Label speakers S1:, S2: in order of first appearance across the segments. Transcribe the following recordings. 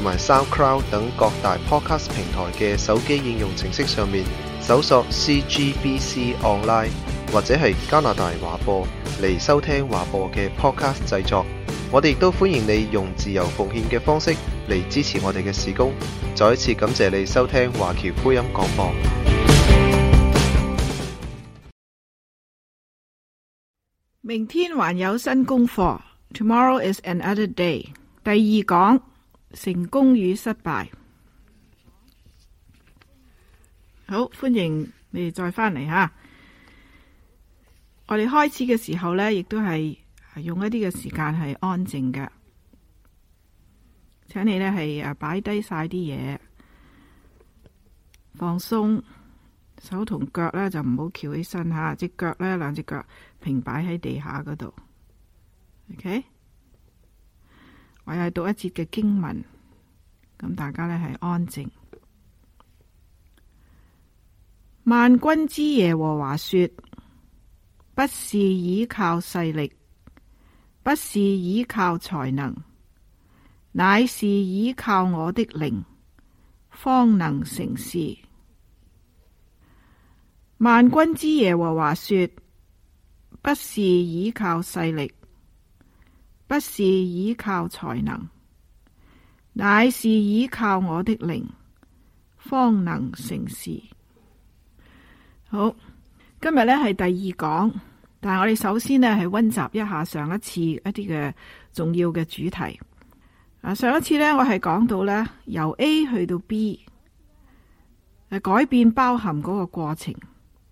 S1: 同埋 SoundCloud 等各大 Podcast 平台嘅手機應用程式上面搜索 CGBC Online 或者係加拿大華播嚟收聽華播嘅 Podcast 製作。我哋亦都歡迎你用自由奉獻嘅方式嚟支持我哋嘅事工。再一次感謝你收聽華僑福音廣播。明天還有新功課，Tomorrow is another day。第二講。成功與失敗，好，歡迎你哋再返嚟吓。我哋開始嘅時候咧，亦都係用一啲嘅時間係安靜嘅，請你咧係啊擺低晒啲嘢，放鬆手同腳咧就唔好翹起身吓，隻腳咧兩隻腳平擺喺地下嗰度，OK。我又讀一節嘅經文，咁大家呢係安靜。萬軍之耶和華說，不是倚靠勢力，不是倚靠才能，乃是倚靠我的靈，方能成事。萬軍之耶和華說，不是倚靠勢力。不是倚靠才能，乃是倚靠我的靈，方能成事。好，今日呢，係第二講，但係我哋首先呢，係溫習一下上一次一啲嘅重要嘅主題。啊，上一次呢，我係講到呢，由 A 去到 B，改變包含嗰個過程，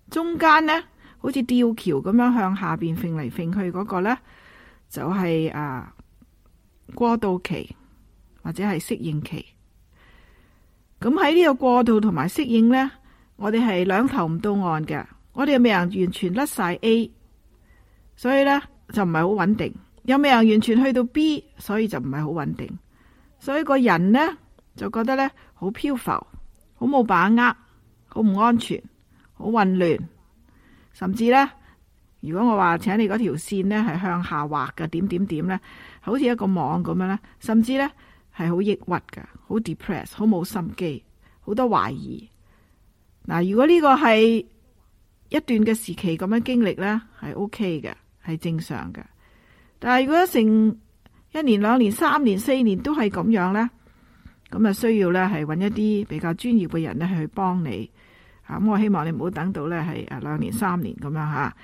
S1: 中間呢，好似吊橋咁樣，向下邊揈嚟揈去嗰個呢。就係、是、啊過渡期，或者係適應期，咁喺呢個過渡同埋適應呢，我哋係兩頭唔到岸嘅，我哋又未能完全甩晒 A，所以呢就唔係好穩定；又未能完全去到 B，所以就唔係好穩定。所以個人呢，就覺得呢好漂浮，好冇把握，好唔安全，好混亂，甚至呢。如果我話請你嗰條線呢係向下滑嘅點點點呢，好似一個網咁樣呢，甚至呢係好抑鬱㗎，好 depress，好冇心機，好多懷疑。嗱、啊，如果呢個係一段嘅時期咁樣經歷呢，係 OK 嘅，係正常嘅。但係如果成一年、兩年、三年、四年都係咁樣呢，咁啊需要呢係揾一啲比較專業嘅人呢去幫你。咁、啊、我希望你唔好等到呢係誒兩年、三年咁樣吓。啊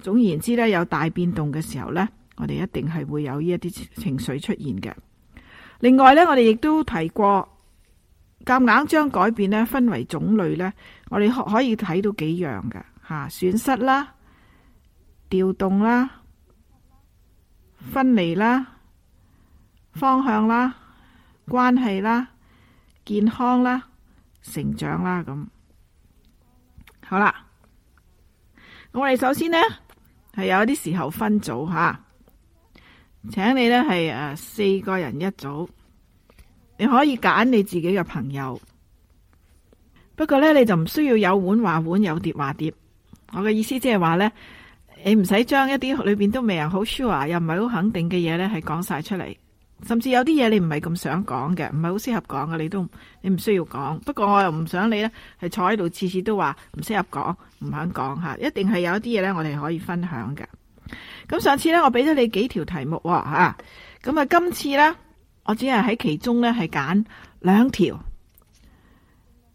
S1: 總言之咧，有大變動嘅時候呢，我哋一定係會有呢一啲情緒出現嘅。另外呢，我哋亦都提過，夾硬將改變呢分為種類呢，我哋可可以睇到幾樣嘅吓，損失啦、調動啦、分離啦、方向啦、關係啦、健康啦、成長啦咁。好啦，我哋首先呢。係有啲時候分組吓，請你咧係誒四個人一組，你可以揀你自己嘅朋友。不過咧你就唔需要有碗話碗，有碟話碟。我嘅意思即係話咧，你唔使將一啲裏邊都未好 sure 又唔係好肯定嘅嘢咧，係講晒出嚟。甚至有啲嘢你唔係咁想講嘅，唔係好適合講嘅，你都你唔需要講。不過我又唔想你呢係坐喺度次次都話唔適合講，唔肯講吓，一定係有一啲嘢呢，我哋可以分享嘅。咁上次呢，我俾咗你幾條題目吓，咁啊，今次呢，我只係喺其中呢係揀兩條，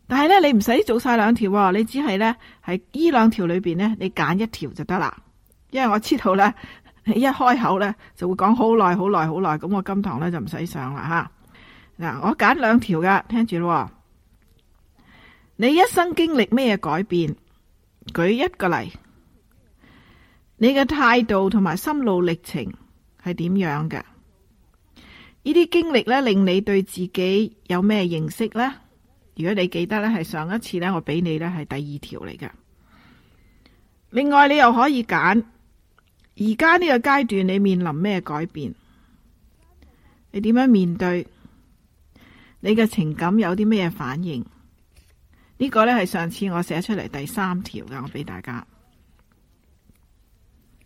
S1: 但係呢，你唔使做晒兩條，你只係呢喺呢兩條裏邊呢，你揀一條就得啦。因為我知道呢。你一開口呢，就會講好耐、好耐、好耐。咁我今堂呢就唔使上啦吓。嗱，我揀兩條噶，聽住咯。你一生經歷咩改變？舉一個例，你嘅態度同埋心路歷程係點樣嘅？呢啲經歷呢令你對自己有咩認識呢？如果你記得呢，係上一次呢，我俾你呢係第二條嚟噶。另外，你又可以揀。而家呢個階段你面臨咩改變？你點樣面對？你嘅情感有啲咩反應？呢、呢個咧係上次我寫出嚟第三條噶，我俾大家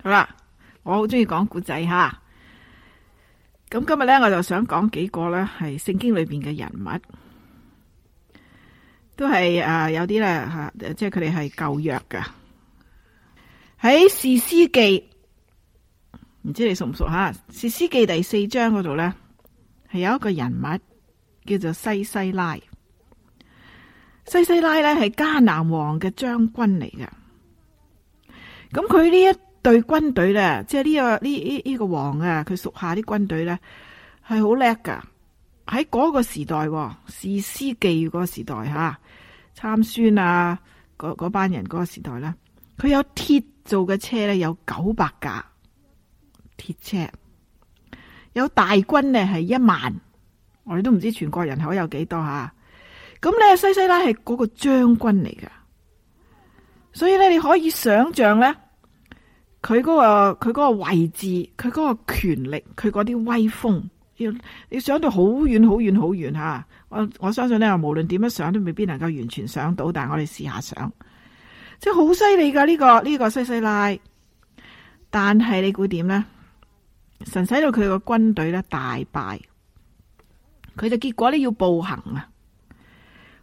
S1: 好啦。我好中意講古仔吓，咁今日咧我就想講幾個咧係聖經裏邊嘅人物，都係啊有啲咧吓，即係佢哋係舊約噶喺士師記。唔知道你熟唔熟？吓，《士師記》第四章嗰度咧，係有一個人物叫做西西拉。西西拉咧係迦南王嘅將軍嚟噶。咁佢呢一隊軍隊咧，即係呢、呢個呢呢呢個王啊，佢屬下啲軍隊咧係好叻噶。喺嗰個時代，《士師記》嗰個時代吓，參孫啊，嗰班人嗰個時代啦，佢有鐵做嘅車咧，有九百架。鐵車有大軍咧，係一萬，我哋都唔知全國人口有幾多吓。咁咧西西拉係嗰個將軍嚟噶，所以咧你可以想象咧，佢嗰個佢嗰個位置，佢嗰個權力，佢嗰啲威風，要你想到好遠好遠好遠吓。我我相信咧，無論點樣想都未必能夠完全想到，但係我哋試下想，即係好犀利噶呢個呢個西西拉，但係你估點咧？神使到佢個軍隊咧大敗，佢就結果呢要步行啊！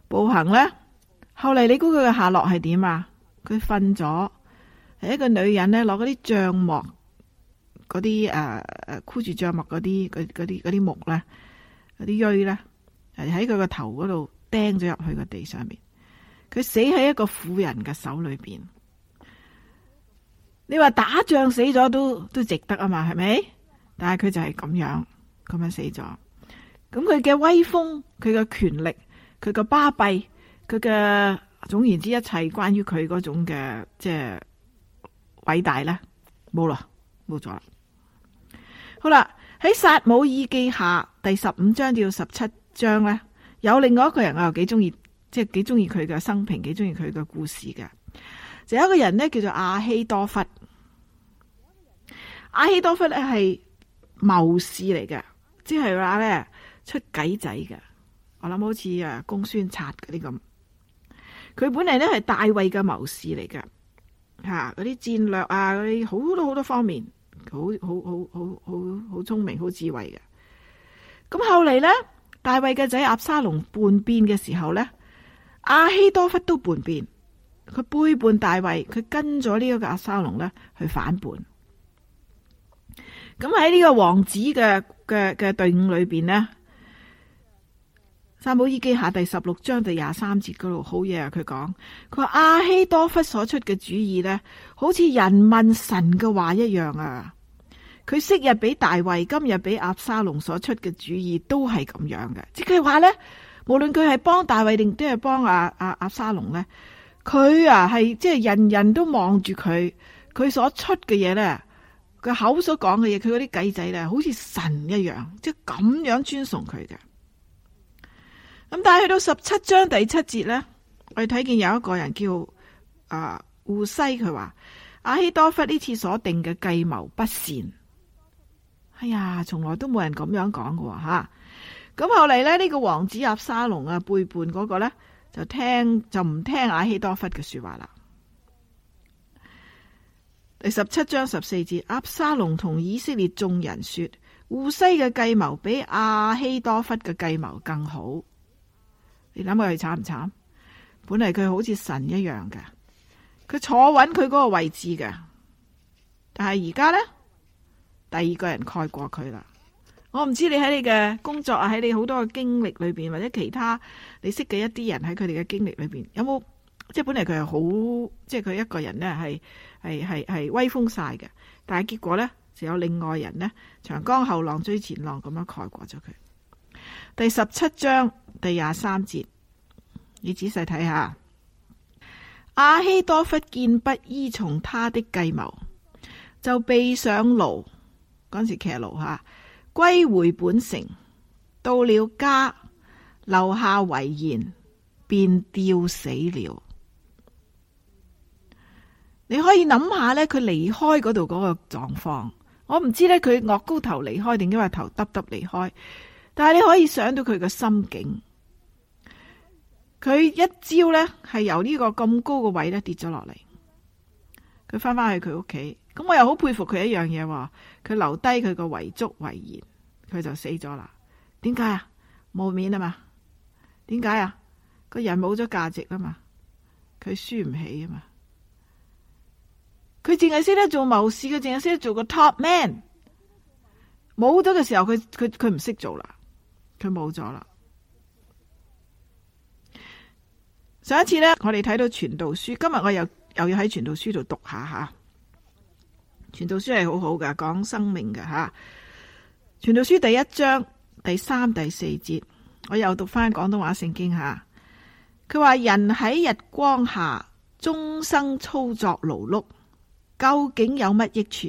S1: 步行咧，後嚟你估佢嘅下落係點啊？佢瞓咗，係一個女人呢，攞嗰啲帳幕，嗰啲誒誒箍住帳幕嗰啲、啲、啲木啦，嗰啲錐啦，係喺佢個頭嗰度釘咗入去個地上面，佢死喺一個婦人嘅手裏邊。你話打仗死咗都都值得啊嘛？係咪？但係佢就係咁樣，咁樣死咗。咁佢嘅威風，佢嘅權力，佢嘅巴閉，佢嘅總言之一切關於佢嗰種嘅即係偉大咧，冇啦，冇咗啦。好啦，喺撒母耳記下第十五章至到十七章咧，有另外一個人，我又幾中意，即係幾中意佢嘅生平，幾中意佢嘅故事嘅。就有一個人咧，叫做亞希多弗。亞希多弗咧係。謀士嚟嘅，即係話咧出計仔嘅。我諗好似啊公孫策嗰啲咁，佢本嚟咧係大衛嘅謀士嚟嘅，吓嗰啲戰略啊，嗰啲好多好多方面，好好好好好好聰明好智慧嘅。咁後嚟咧，大衛嘅仔阿沙龍叛變嘅時候咧，亞希多弗都叛變，佢背叛大衛，佢跟咗呢一個亞沙龍咧去反叛。咁喺呢個王子嘅嘅嘅隊伍裏邊呢《撒母耳記下》第十六章第廿三節嗰度，好嘢啊！佢講，佢話亞希多弗所出嘅主意呢，好似人問神嘅話一樣啊！佢昔日俾大衛，今日俾押沙龍所出嘅主意，都係咁樣嘅。即係話呢，無論佢係幫大衛定都係幫阿押沙龍呢。佢啊係即係人人都望住佢，佢所出嘅嘢呢。佢口所講嘅嘢，佢嗰啲計仔咧，好似神一樣，即係咁樣尊崇佢嘅。咁但係去到十七章第七節咧，我哋睇見有一個人叫啊、呃、胡西，佢話亞希多弗呢次所定嘅計謀不善。哎呀，從來都冇人咁樣講嘅吓。咁、啊、後嚟咧，呢、這個王子押沙龍啊，背叛嗰個咧就聽就唔聽亞希多弗嘅說話啦。第十七章十四節，押沙龍同以色列眾人說：戶篩嘅計謀比亞希多弗嘅計謀更好。你諗佢係慘唔慘？本嚟佢好似神一樣㗎，佢坐穩佢嗰個位置㗎。」但係而家呢，第二個人蓋過佢啦。我唔知你喺你嘅工作啊，喺你好多嘅經歷裏邊，或者其他你識嘅一啲人喺佢哋嘅經歷裏邊，有冇？即係本嚟佢係好，即係佢一個人咧係係係係威風晒嘅，但係結果咧就有另外人咧，長江後浪追前浪咁樣蓋過咗佢。第十七章第廿三節，你仔細睇下。阿、啊、希多弗見不依從他的計謀，就備上驢嗰陣時騎驢吓，歸回本城，到了家，留下遺言，便吊死了。你可以諗下咧，佢離開嗰度嗰個狀況，我唔知咧佢岳高頭離開定因為頭耷耷離開，但係你可以想到佢個心境，佢一朝咧係由呢個咁高嘅位咧跌咗落嚟，佢翻翻去佢屋企，咁我又好佩服佢一樣嘢，佢留低佢個遺囑遺言，佢就死咗啦。點解啊？冇面啊嘛？點解啊？個人冇咗價值啊嘛？佢輸唔起啊嘛？佢淨係識得做謀事，佢淨係識得做個 top man。冇咗嘅時候，佢佢佢唔識做啦，佢冇咗啦。上一次咧，我哋睇到傳道書，今日我又又要喺傳道書度讀下吓。傳道書係好好噶，講生命噶吓。傳道書第一章第三、第四節，我又讀翻廣東話聖經吓。佢話人喺日光下，終生操作勞碌，究竟有乜益處？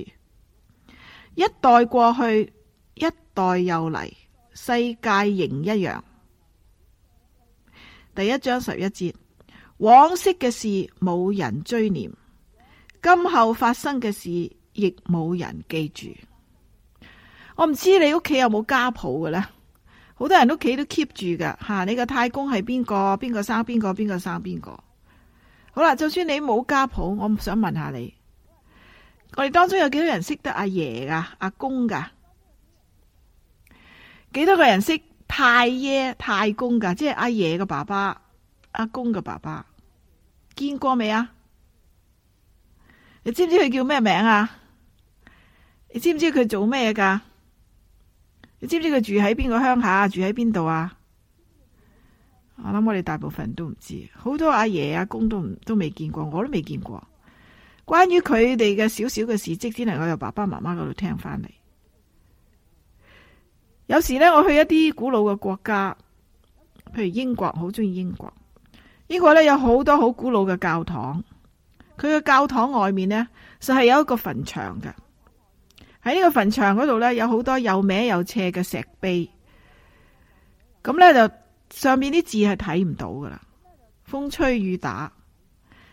S1: 一代過去，一代又嚟，世界仍一樣。第一章十一節，往昔嘅事冇人追念，今後發生嘅事亦冇人記住。我唔知你屋企有冇家譜嘅咧，好多人屋企都 keep 住噶吓。你個太公係邊個？邊個生邊個？邊個生邊個？好啦，就算你冇家譜，我想問下你。我哋當中有幾多人識得阿爺㗎、阿公㗎？幾多個人識太爺、太公㗎？即係阿爺嘅爸爸、阿公嘅爸爸，見過未呀？你知唔知佢叫咩名呀？你知唔知佢做咩㗎？你知唔知佢住喺邊個鄉下？住喺邊度呀？我諗我哋大部分人都唔知，好多阿爺、阿公都都未見過，我都未見過。關於佢哋嘅少少嘅事蹟，只能夠由爸爸媽媽嗰度聽翻嚟。有時呢，我去一啲古老嘅國家，譬如英國，好中意英國。英國呢，有好多好古老嘅教堂，佢嘅教堂外面呢，就係有一個墳場嘅。喺呢個墳場嗰度呢，有好多又歪又斜嘅石碑，咁咧就上面啲字係睇唔到噶啦。風吹雨打，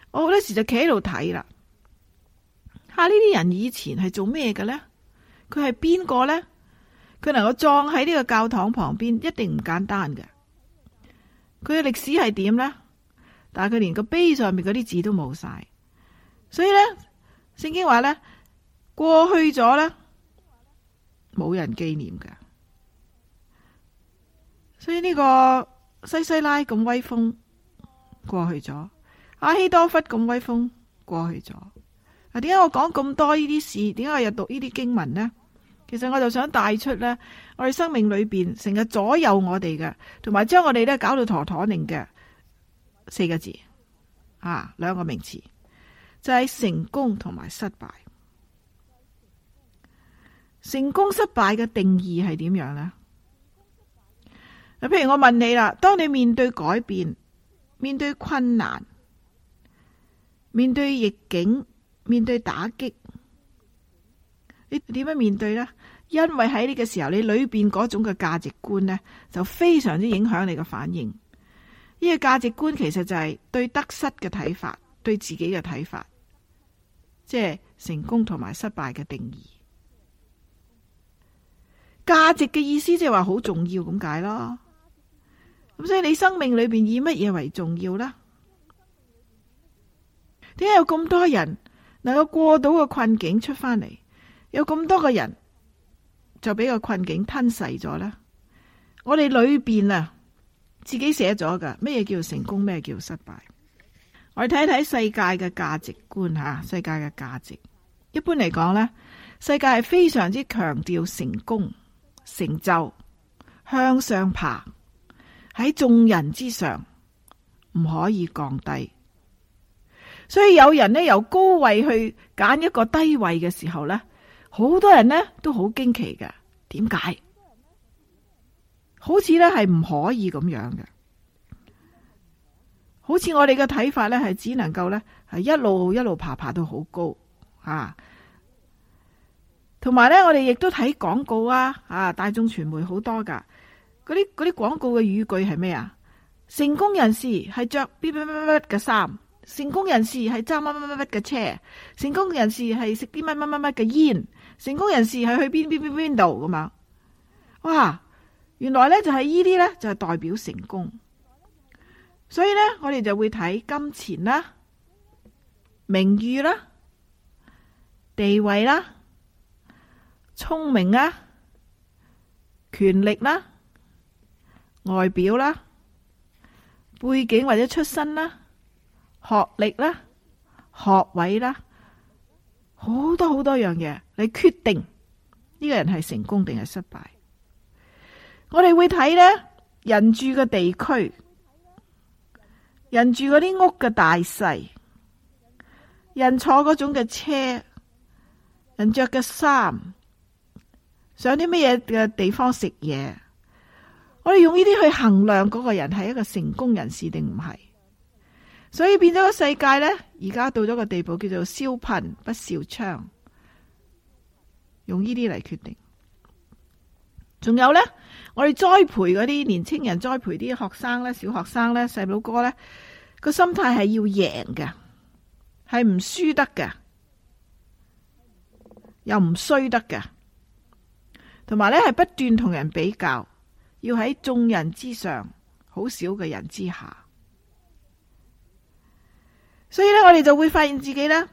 S1: 我好多時就企喺度睇啦。下呢啲人以前係做咩嘅咧？佢係邊個咧？佢能夠葬喺呢個教堂旁邊，一定唔簡單嘅。佢嘅歷史係點咧？但係佢連個碑上面嗰啲字都冇晒，所以咧，聖經話咧，過去咗咧，冇人紀念㗎。所以呢個西西拉咁威風過去咗，阿希多弗咁威風過去咗。嗱，點解我講咁多呢啲事？點解我又讀呢啲經文呢？其實我就想帶出咧，我哋生命裏邊成日左右我哋嘅，同埋將我哋咧搞到陀陀擰嘅四個字啊，兩個名詞就係、是、成功同埋失敗。成功失敗嘅定義係點樣呢？譬如我問你啦，當你面對改變、面對困難、面對逆境。面對打擊，你點樣面對呢？因為喺呢個時候，你裏邊嗰種嘅價值觀呢，就非常之影響你嘅反應。呢個價值觀其實就係對得失嘅睇法，對自己嘅睇法，即係成功同埋失敗嘅定義。價值嘅意思即係話好重要咁解咯。咁所以你生命裏邊以乜嘢為重要呢？點解有咁多人？能夠過到個困境出翻嚟，有咁多個人就俾個困境吞噬咗啦。我哋裏邊啊，自己寫咗噶，咩叫成功，咩叫失敗。我哋睇一睇世界嘅價值觀吓，世界嘅價值，一般嚟講咧，世界係非常之強調成功、成就、向上爬，喺眾人之上，唔可以降低。所以有人咧由高位去揀一個低位嘅時候咧，好多人咧都好驚奇㗎。點解？好似咧係唔可以咁樣㗎，好似我哋嘅睇法咧係只能夠咧係一路一路爬，爬到好高啊。同埋咧，我哋亦都睇廣告啊，啊大眾傳媒好多噶，嗰啲嗰啲廣告嘅語句係咩啊？成功人士係着 b 嗶嗶嘅衫。成功人士係揸乜乜乜乜嘅車，成功人士係食啲乜乜乜乜嘅煙，成功人士係去邊邊邊邊度㗎嘛？哇，原來咧就係呢啲咧就係代表成功，太太太所以咧我哋就會睇金錢啦、名譽啦、地位啦、聰明啦、權力啦、外表啦、背景或者出身啦。學歷啦，學位啦，好多好多樣嘢，你決定呢個人係成功定係失敗。我哋會睇呢：人住嘅地區，人住嗰啲屋嘅大細，人坐嗰種嘅車，人着嘅衫，上啲咩嘢嘅地方食嘢，我哋用呢啲去衡量嗰個人係一個成功人士定唔係。所以變咗個世界咧，而家到咗個地步叫做笑貧不笑娼，用呢啲嚟決定。仲有咧，我哋栽培嗰啲年青人，栽培啲學生咧，小學生咧，細佬哥咧，個心態係要贏嘅，係唔輸得嘅，又唔衰得嘅，同埋咧，係不斷同人比較，要喺眾人之上，好少嘅人之下。所以呢，我哋就會發現自己呢，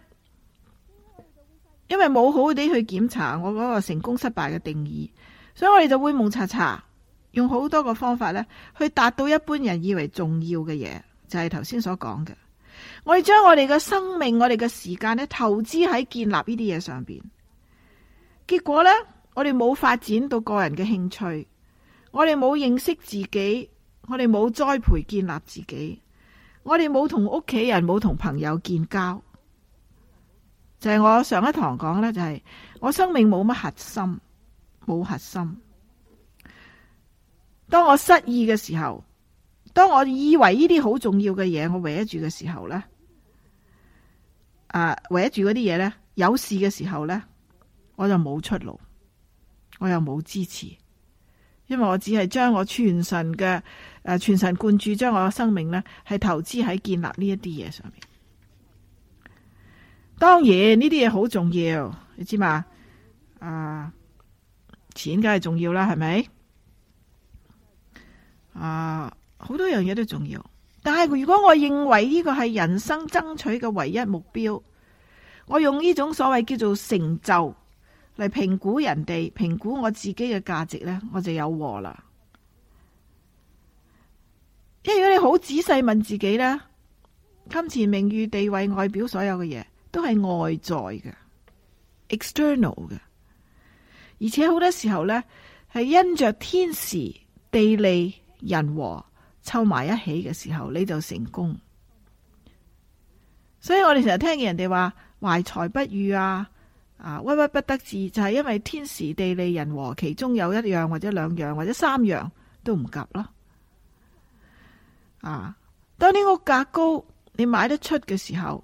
S1: 因為冇好地去檢查我嗰個成功失敗嘅定義，所以我哋就會蒙查查，用好多個方法呢，去達到一般人以為重要嘅嘢，就係頭先所講嘅。我哋將我哋嘅生命、我哋嘅時間呢，投資喺建立呢啲嘢上邊。結果呢，我哋冇發展到個人嘅興趣，我哋冇認識自己，我哋冇栽培建立自己。我哋冇同屋企人，冇同朋友建交，就係、是、我上一堂講咧、就是，就係我生命冇乜核心，冇核心。當我失意嘅時候，當我以為呢啲好重要嘅嘢，我圍住嘅時候咧，啊，圍住嗰啲嘢咧，有事嘅時候咧，我就冇出路，我又冇支持。因為我只係將我全神嘅，誒、啊、全神貫注，將我嘅生命呢係投資喺建立呢一啲嘢上面。當然呢啲嘢好重要，你知嘛？啊，錢梗係重要啦，係咪？啊，好多樣嘢都重要，但係如果我認為呢個係人生爭取嘅唯一目標，我用呢種所謂叫做成就嚟評估人哋，評估我自己嘅價值咧，我就有禍啦。因為如果你好仔細問自己咧，金錢、名譽、地位、外表所有嘅嘢，都係外在嘅，external 嘅。而且好多時候咧，係因着天時、地利、人和湊埋一起嘅時候，你就成功。所以我哋成日聽見人哋話懷才不遇啊。啊，鬱鬱不得志，就係、是、因為天時地利人和，其中有一樣或者兩樣或者三樣都唔夾咯。啊，當呢個價高，你買得出嘅時候，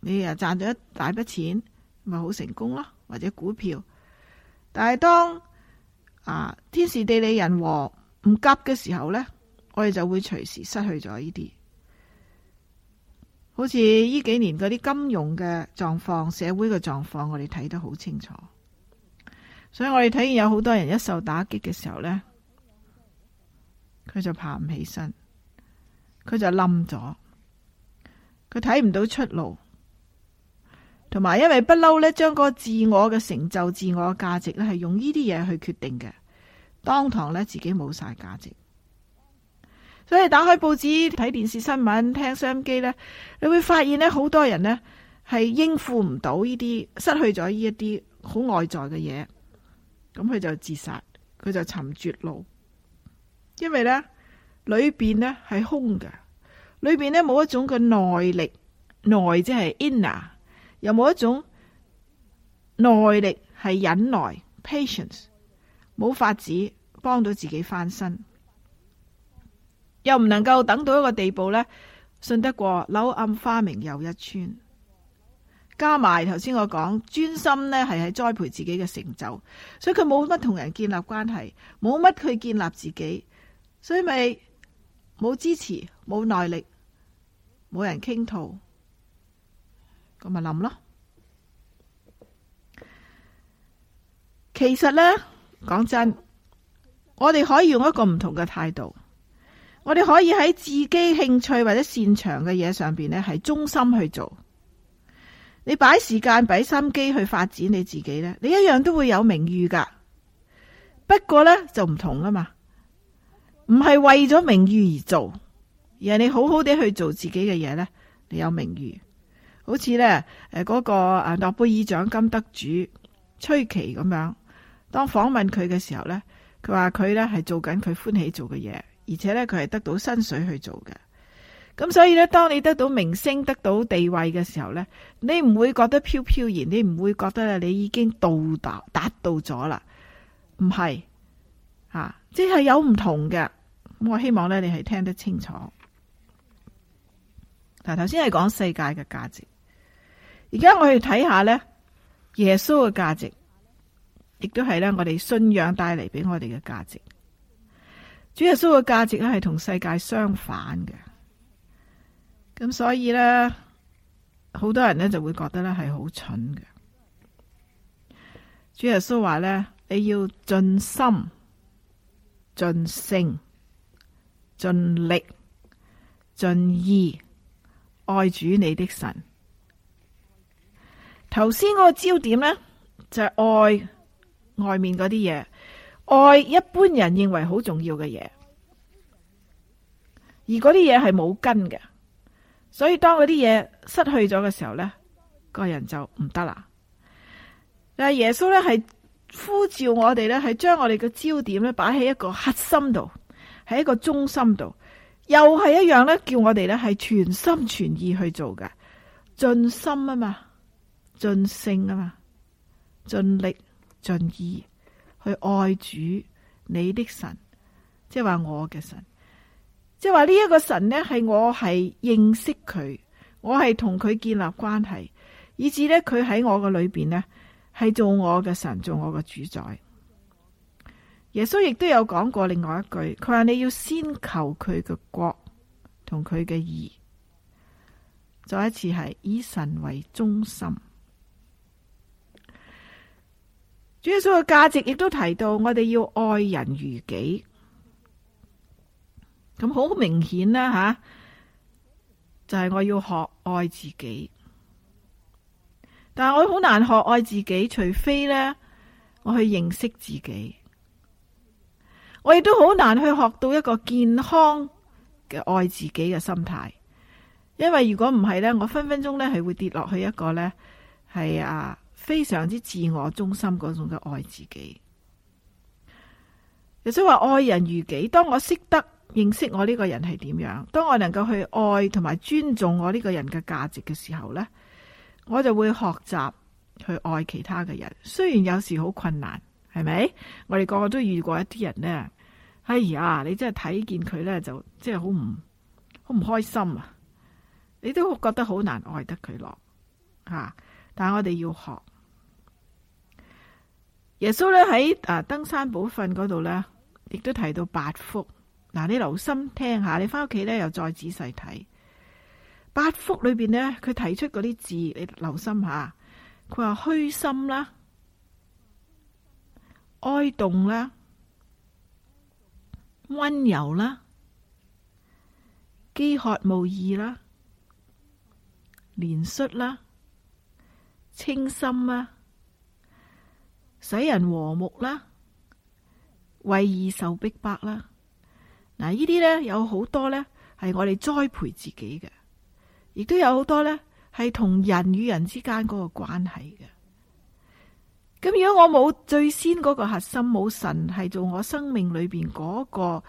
S1: 你又賺咗一大筆錢，咪好成功咯。或者股票，但係當啊天時地利人和唔夾嘅時候咧，我哋就會隨時失去咗呢啲。好似呢幾年嗰啲金融嘅狀況、社會嘅狀況，我哋睇得好清楚。所以我哋睇見有好多人一受打擊嘅時候咧，佢就爬唔起身，佢就冧咗，佢睇唔到出路，同埋因為不嬲咧，將個自我嘅成就、自我嘅價值咧，係用呢啲嘢去決定嘅，當堂咧自己冇晒價值。所以打開報紙、睇電視新聞、聽收音機咧，你會發現咧好多人呢係應付唔到呢啲，失去咗呢一啲好外在嘅嘢，咁佢就自殺，佢就沉絕路，因為咧裏邊呢係空噶裏邊呢冇一種嘅耐力，耐即係 inner，又冇一種耐力係忍耐 patience，冇法子幫到自己翻身。又唔能夠等到一個地步呢，信得過柳暗花明又一村。加埋頭先我講專心呢係喺栽培自己嘅成就，所以佢冇乜同人建立關係，冇乜去建立自己，所以咪冇支持，冇耐力，冇人傾吐，咁咪諗咯。其實呢，講真，我哋可以用一個唔同嘅態度。我哋可以喺自己興趣或者擅長嘅嘢上邊呢係忠心去做。你擺時間、擺心機去發展你自己呢，你一樣都會有名譽噶。不過呢，就唔同啦嘛，唔係為咗名譽而做，而係你好好地去做自己嘅嘢呢，你有名譽。好似呢誒嗰、那個啊諾貝爾獎金得主崔琦咁樣，當訪問佢嘅時候呢，佢話佢呢係做緊佢歡喜做嘅嘢。而且咧，佢係得到薪水去做嘅。咁所以咧，當你得到明星、得到地位嘅時候咧，你唔會覺得飄飄然，你唔會覺得你已經到達達到咗啦？唔係，吓、啊，即係有唔同嘅。咁我希望咧，你係聽得清楚。嗱，頭先係講世界嘅價值，而家我哋睇下咧，耶穌嘅價值，亦都係咧，我哋信仰帶嚟俾我哋嘅價值。主耶穌嘅價值咧係同世界相反嘅，咁所以咧，好多人咧就會覺得咧係好蠢嘅。主耶穌話咧，你要盡心、盡性、盡力、盡意愛主你的神。頭先嗰個焦點咧就係、是、愛外面嗰啲嘢。愛一般人認為好重要嘅嘢，而嗰啲嘢係冇根嘅，所以當嗰啲嘢失去咗嘅時候咧，個人就唔得啦。但係耶穌咧係呼召我哋咧係將我哋嘅焦點咧擺喺一個核心度，喺一個中心度，又係一樣咧叫我哋咧係全心全意去做嘅，盡心啊嘛，盡性啊嘛，盡力、盡意。去愛主你的神，即係話我嘅神，即係話呢一個神呢，係我係認識佢，我係同佢建立關係，以致在我的裡面呢，佢喺我嘅裏邊呢，係做我嘅神，做我嘅主宰。耶穌亦都有講過另外一句，佢話你要先求佢嘅國同佢嘅義。再一次係以神為中心。主要所有價值亦都提到，我哋要愛人如己，咁好明顯啦吓，就係我要學愛自己，但係我好難學愛自己，除非呢，我去認識自己，我亦都好難去學到一個健康嘅愛自己嘅心態，因為如果唔係呢，我分分鐘呢係會跌落去一個呢，係啊。非常之自我中心嗰種嘅愛自己，亦即係話愛人如己。當我識得認識我呢個人係點樣，當我能夠去愛同埋尊重我呢個人嘅價值嘅時候呢，我就會學習去愛其他嘅人。雖然有時好困難，係咪？我哋個個都遇過一啲人呢，哎呀，你真係睇見佢呢，就即係好唔好唔開心啊！你都覺得好難愛得佢落吓，但係我哋要學。耶穌咧喺啊登山寶訓嗰度咧，亦都提到八福。嗱，你留心聽下，你翻屋企咧又再仔細睇八福裏邊呢。佢提出嗰啲字，你留心下。佢話虛心啦，哀慟啦，溫柔啦，飢渴慕義啦，憐恤啦，清心啦。使人和睦啦，為義受逼迫啦。嗱，呢啲咧，有好多咧係我哋栽培自己嘅，亦都有好多咧係同人與人之間嗰個關係嘅。咁如果我冇最先嗰個核心，冇神係做我生命裏邊嗰個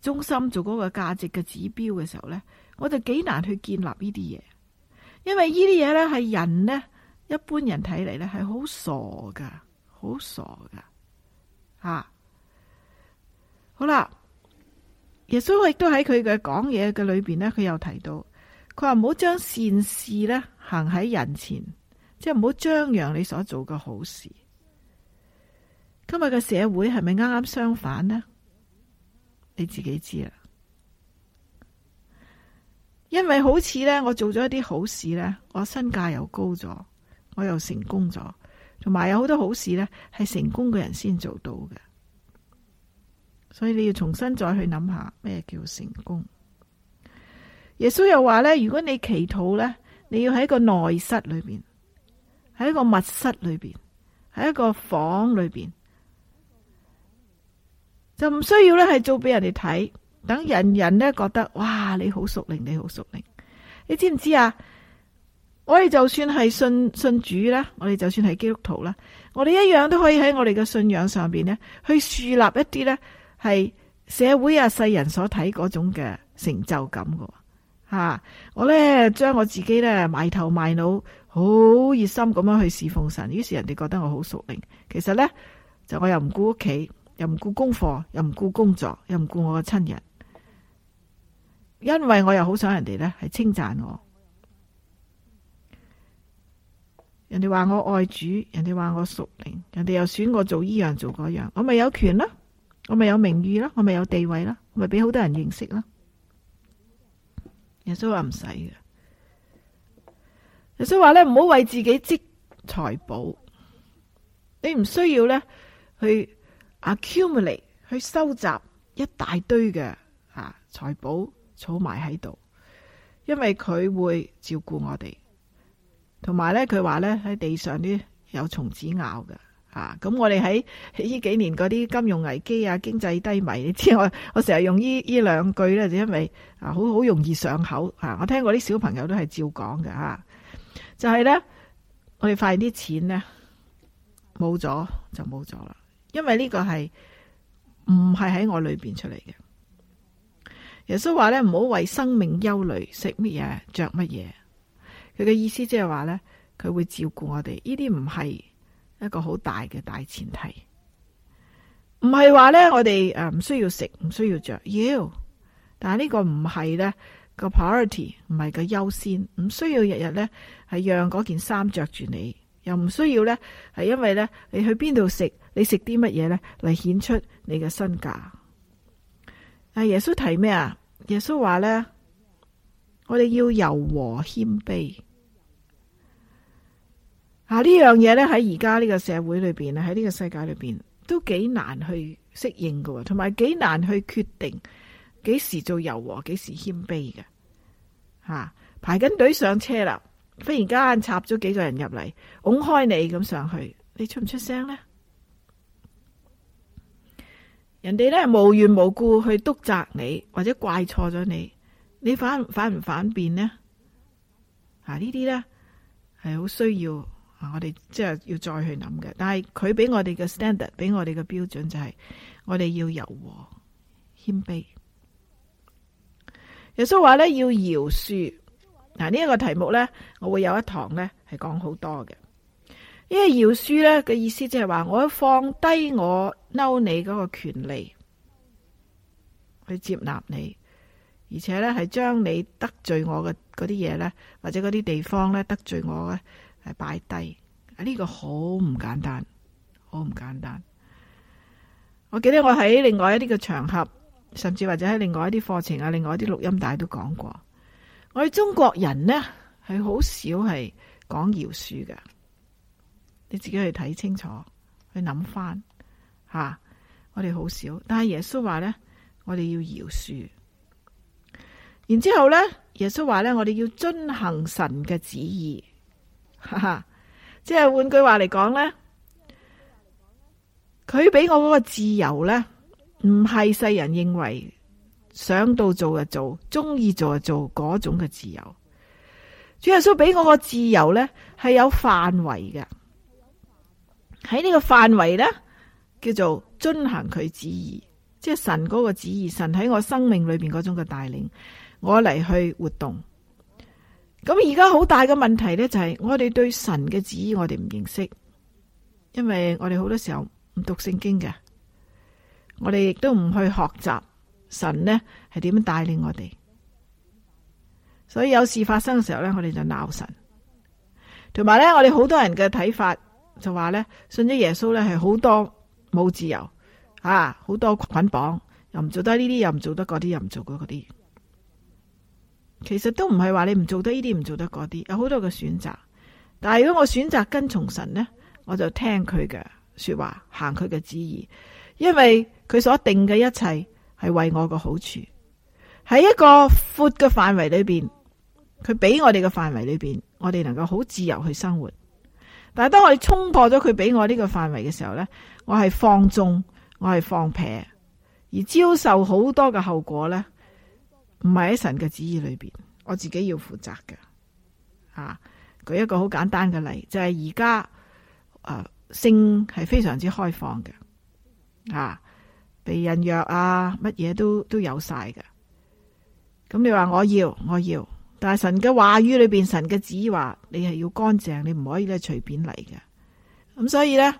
S1: 中心，做嗰個價值嘅指標嘅時候咧，我就幾難去建立呢啲嘢，因為呢啲嘢咧係人呢，一般人睇嚟咧係好傻噶。傻的啊、好傻噶，吓好啦！耶穌亦都喺佢嘅講嘢嘅裏邊呢，佢又提到，佢話唔好將善事呢行喺人前，即係唔好張揚你所做嘅好事。今日嘅社會係咪啱啱相反呢？你自己知啦，因為好似呢，我做咗一啲好事呢，我身價又高咗，我又成功咗。同埋有好多好事呢，係成功嘅人先做到嘅，所以你要重新再去諗下咩叫成功。耶穌又話呢：「如果你祈禱呢，你要喺個內室裏邊，喺個密室裏邊，喺一個房裏邊，就唔需要呢係做俾人哋睇，等人人呢覺得哇，你好屬靈，你好屬靈，你知唔知啊？」我哋就算係信信主啦，我哋就算係基督徒啦，我哋一樣都可以喺我哋嘅信仰上邊呢去樹立一啲呢係社會啊世人所睇嗰種嘅成就感嘅吓、啊。我呢將我自己呢埋頭埋腦，好熱心咁樣去侍奉神，於是人哋覺得我好屬靈。其實呢，就我又唔顧屋企，又唔顧功課，又唔顧工作，又唔顧我嘅親人，因為我又好想人哋呢係稱讚我。人哋話我愛主，人哋話我屬靈，人哋又選我做呢樣做嗰樣，我咪有權囉，我咪有名譽囉，我咪有地位囉，咪俾好多人認識囉。耶穌話唔使嘅，耶穌話咧，唔好為自己積財寶，你唔需要咧去 accumulate 去收集一大堆嘅啊財寶儲埋喺度，因為佢會照顧我哋。同埋咧，佢話咧喺地上啲有蟲子咬嘅。咁、啊、我哋喺呢幾年嗰啲金融危機啊、經濟低迷，你知我成日用呢呢兩句咧，就因為啊，好好容易上口、啊、我聽過啲小朋友都係照講嘅、啊、就係、是、咧，我哋發現啲錢咧冇咗就冇咗啦，因為呢個係唔係喺我裏邊出嚟嘅？耶穌話咧，唔好為生命憂慮，食乜嘢，着乜嘢。佢嘅意思即係話咧，佢會照顧我哋。呢啲唔係一個好大嘅大前提，唔係話咧我哋誒唔需要食，唔需要着要。但係呢個唔係咧個 priority，唔係個優先，唔需要日日咧係讓嗰件衫着住你，又唔需要咧係因為咧你去邊度食，你食啲乜嘢咧嚟顯出你嘅身價。阿耶穌提咩啊？耶穌話咧，我哋要柔和謙卑。啊！呢樣嘢咧喺而家呢個社會裏邊咧喺呢個世界裏邊都幾難去適應噶，同埋幾難去決定幾時做柔和，幾時謙卑嘅。吓、啊、排緊隊上車啦，忽然間插咗幾個人入嚟，拱開你咁上去，你出唔出聲呢？人哋咧無緣無故去督責你，或者怪錯咗你，你反反唔反變呢？吓、啊、呢啲咧係好需要。啊！我哋即係要再去諗嘅，但係佢俾我哋嘅 standard，俾我哋嘅標準就係、是、我哋要柔和謙卑。耶穌話咧要饒恕，嗱呢一個題目咧，我會有一堂咧係講好多嘅。因為饒恕咧嘅意思即係話，我放低我嬲你嗰個權利去接納你，而且咧係將你得罪我嘅嗰啲嘢咧，或者嗰啲地方咧得罪我咧。擺低呢、呢個好唔簡單，好唔簡單。我記得我喺另外一啲嘅場合，甚至或者喺另外一啲課程啊，另外一啲錄音帶都講過。我哋中國人呢係好少係講饒恕嘅，你自己去睇清楚，去諗翻吓。我哋好少，但係耶穌話呢，我哋要饒恕。然之後呢耶穌話呢，我哋要遵行神嘅旨意。哈哈，即係換句話嚟講咧，佢俾我嗰個自由咧，唔係世人認為想到做就做，中意做就做嗰種嘅自由。主耶穌俾我個自由咧，係有範圍嘅。喺呢個範圍咧，叫做遵行佢旨意，即係神嗰個旨意，神喺我生命裏邊嗰種嘅帶領，我嚟去活動。咁而家好大嘅問題咧，就係我哋對神嘅旨意，我哋唔認識，因為我哋好多時候唔讀聖經嘅，我哋亦都唔去學習神呢係點樣帶領我哋，所以有事發生嘅時候咧，我哋就鬧神，同埋咧，我哋好多人嘅睇法就話咧，信咗耶穌咧係好多冇自由啊，好多捆綁，又唔做得呢啲，又唔做得嗰啲，又唔做嗰啲。其實都唔係話你唔做得呢啲唔做得嗰啲，有好多嘅選擇。但係如果我選擇跟從神呢，我就聽佢嘅說話，行佢嘅旨意，因為佢所定嘅一切係為我嘅好處。喺一個闊嘅範圍裏邊，佢俾我哋嘅範圍裏邊，我哋能夠好自由去生活。但係當我哋衝破咗佢俾我呢個範圍嘅時候呢，我係放縱，我係放撇，而遭受好多嘅後果呢。唔係喺神嘅旨意裏邊，我自己要負責㗎。啊，舉一個好簡單嘅例，就係而家，誒，啊，性係非常之開放嘅，啊，避孕藥啊，乜嘢都都有晒㗎。咁你話我要，我要，但係神嘅話語裏邊，神嘅旨意話，你係要乾淨，你唔可以咧隨便嚟嘅。咁所以咧，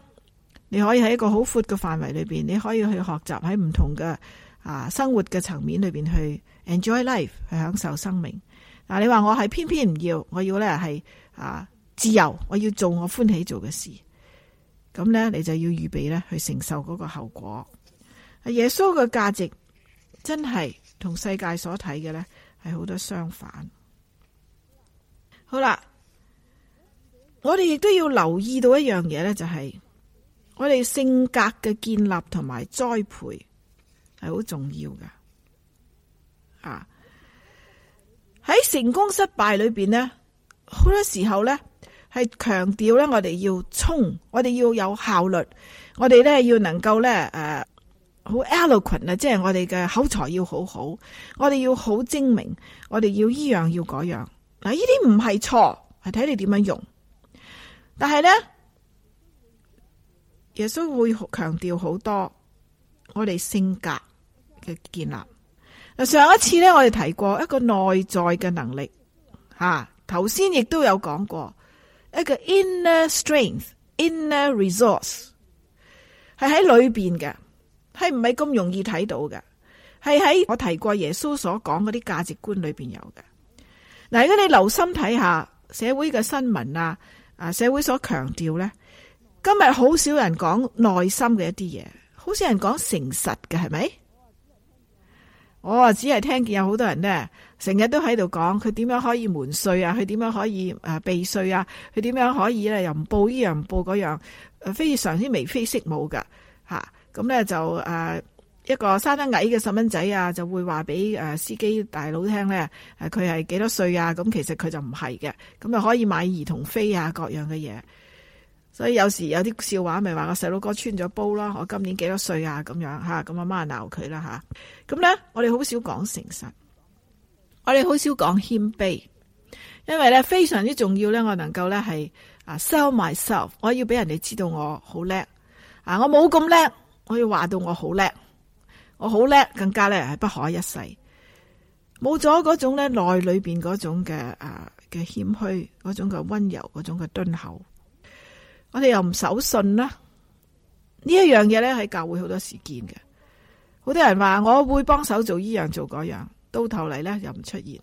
S1: 你可以喺一個好闊嘅範圍裏邊，你可以去學習喺唔同嘅啊生活嘅層面裏邊去。Enjoy life，去享受生命。嗱，你話我係偏偏唔要，我要咧係啊自由，我要做我歡喜做嘅事。咁咧，你就要預備咧去承受嗰個後果。耶穌嘅價值真係同世界所睇嘅咧係好多相反。好啦，我哋亦都要留意到一樣嘢咧，就係、是、我哋性格嘅建立同埋栽培係好重要嘅。啊！喺成功失敗裏邊呢，好多時候咧係強調咧，我哋要衝，我哋要有效率，我哋咧要能夠咧誒，好、呃、eloquent 啊，即係我哋嘅口才要好好，我哋要好精明，我哋要依樣要嗰樣。嗱，呢啲唔係錯，係睇你點樣用。但係咧，耶穌會強調好多我哋性格嘅建立。上一次咧，我哋提過一個內在嘅能力，吓、啊，頭先亦都有講過一個 inner strength，inner resource，係喺裏邊嘅，係唔係咁容易睇到嘅，係喺我提過耶穌所講嗰啲價值觀裏邊有嘅。嗱、啊，如果你留心睇下社會嘅新聞啊，啊，社會所強調咧，今日好少人講內心嘅一啲嘢，好少人講誠實嘅，係咪？我、哦、只係聽見有好多人呢，成日都喺度講佢點樣可以瞞稅啊，佢點樣可以誒避稅啊，佢點樣可以咧又唔報呢樣唔報嗰樣，誒非常之眉飛色舞噶吓，咁、啊、呢，就誒、啊、一個生得矮嘅細蚊仔啊，就會話俾誒司機大佬聽呢，誒佢係幾多歲啊，咁其實佢就唔係嘅，咁啊可以買兒童飛啊，各樣嘅嘢。所以有時有啲笑話，咪話個細佬哥穿咗煲啦。我今年幾多歲啊？咁樣吓，咁阿媽鬧佢啦吓。咁咧，我哋好少講誠實，我哋好少講謙卑，因為咧非常之重要咧，我能夠咧係啊 sell myself，我要俾人哋知道我好叻啊！我冇咁叻，我要話到我好叻，我好叻，更加咧係不可一世。冇咗嗰種咧內裏邊嗰種嘅啊嘅謙虛，嗰種嘅温柔，嗰種嘅敦厚。我哋又唔守信啦，呢一樣嘢咧喺教會好多時見嘅。好多人話我會幫手做呢樣做嗰樣，到頭嚟咧又唔出現。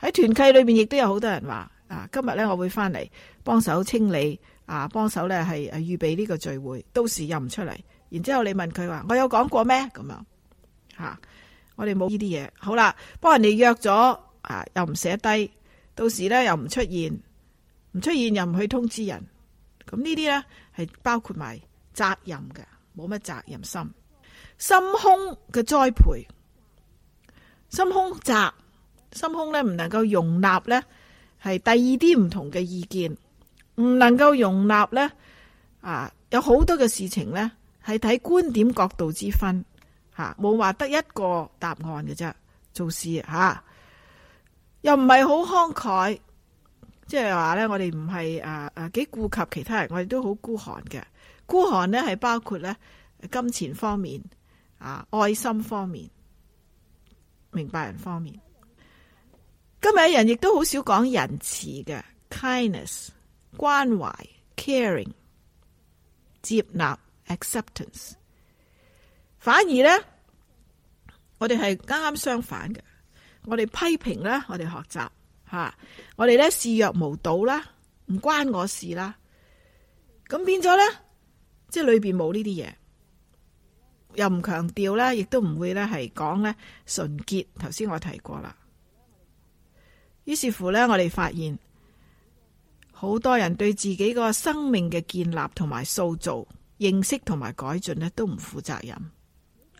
S1: 喺團契裏邊亦都有好多人話啊，今日咧我會翻嚟幫手清理啊，幫手咧係啊預備呢個聚會，到時又唔出嚟。然之後你問佢話我有講過咩咁樣吓啊？我哋冇呢啲嘢好啦，幫人哋約咗啊，又唔寫低，到時咧又唔出現，唔出現又唔去通知人。咁呢啲咧係包括埋責任嘅，冇乜責任心，心胸嘅栽培，心胸窄，心胸咧唔能夠容納咧係第二啲唔同嘅意見，唔能夠容納咧啊，有好多嘅事情咧係睇觀點角度之分吓，冇話得一個答案嘅啫，做事吓，啊，又唔係好慷慨。即係話咧，我哋唔係誒誒幾顧及其他人，我哋都好孤寒嘅。孤寒咧係包括咧金錢方面，啊愛心方面，明白人方面。今日人亦都好少講仁慈嘅 kindness，關懷 caring，接納 acceptance。反而咧，我哋係啱啱相反嘅。我哋批評咧，我哋學習。吓、啊，我哋咧視若無睹啦，唔關我事啦，咁變咗咧，即係裏邊冇呢啲嘢，又唔強調咧，亦都唔會咧係講咧純潔。頭先我提過啦，於是乎咧，我哋發現好多人對自己個生命嘅建立同埋塑造、認識同埋改進咧，都唔負責任。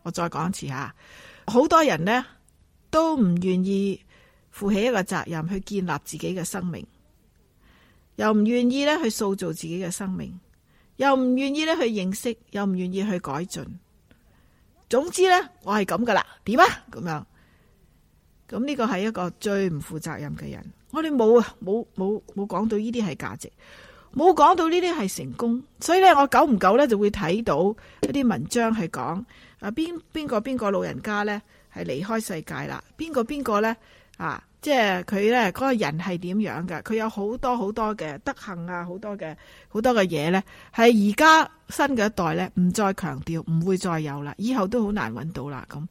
S1: 我再講一次吓，好多人呢都唔願意。負起一個責任去建立自己嘅生命，又唔願意咧去塑造自己嘅生命，又唔願意咧去認識，又唔願意去改進。總之咧，我係咁噶啦，點啊？咁樣咁呢個係一個最唔負責任嘅人。我哋冇啊，冇冇冇講到呢啲係價值，冇講到呢啲係成功。所以咧，我久唔久咧就會睇到一啲文章係講啊，邊邊個邊個老人家咧係離開世界啦，邊個邊個咧。啊，即係佢咧，嗰個人係點樣嘅？佢有好多好多嘅德行啊，好多嘅好多嘅嘢咧，係而家新嘅一代咧，唔再強調，唔會再有啦，以後都好難揾到啦咁。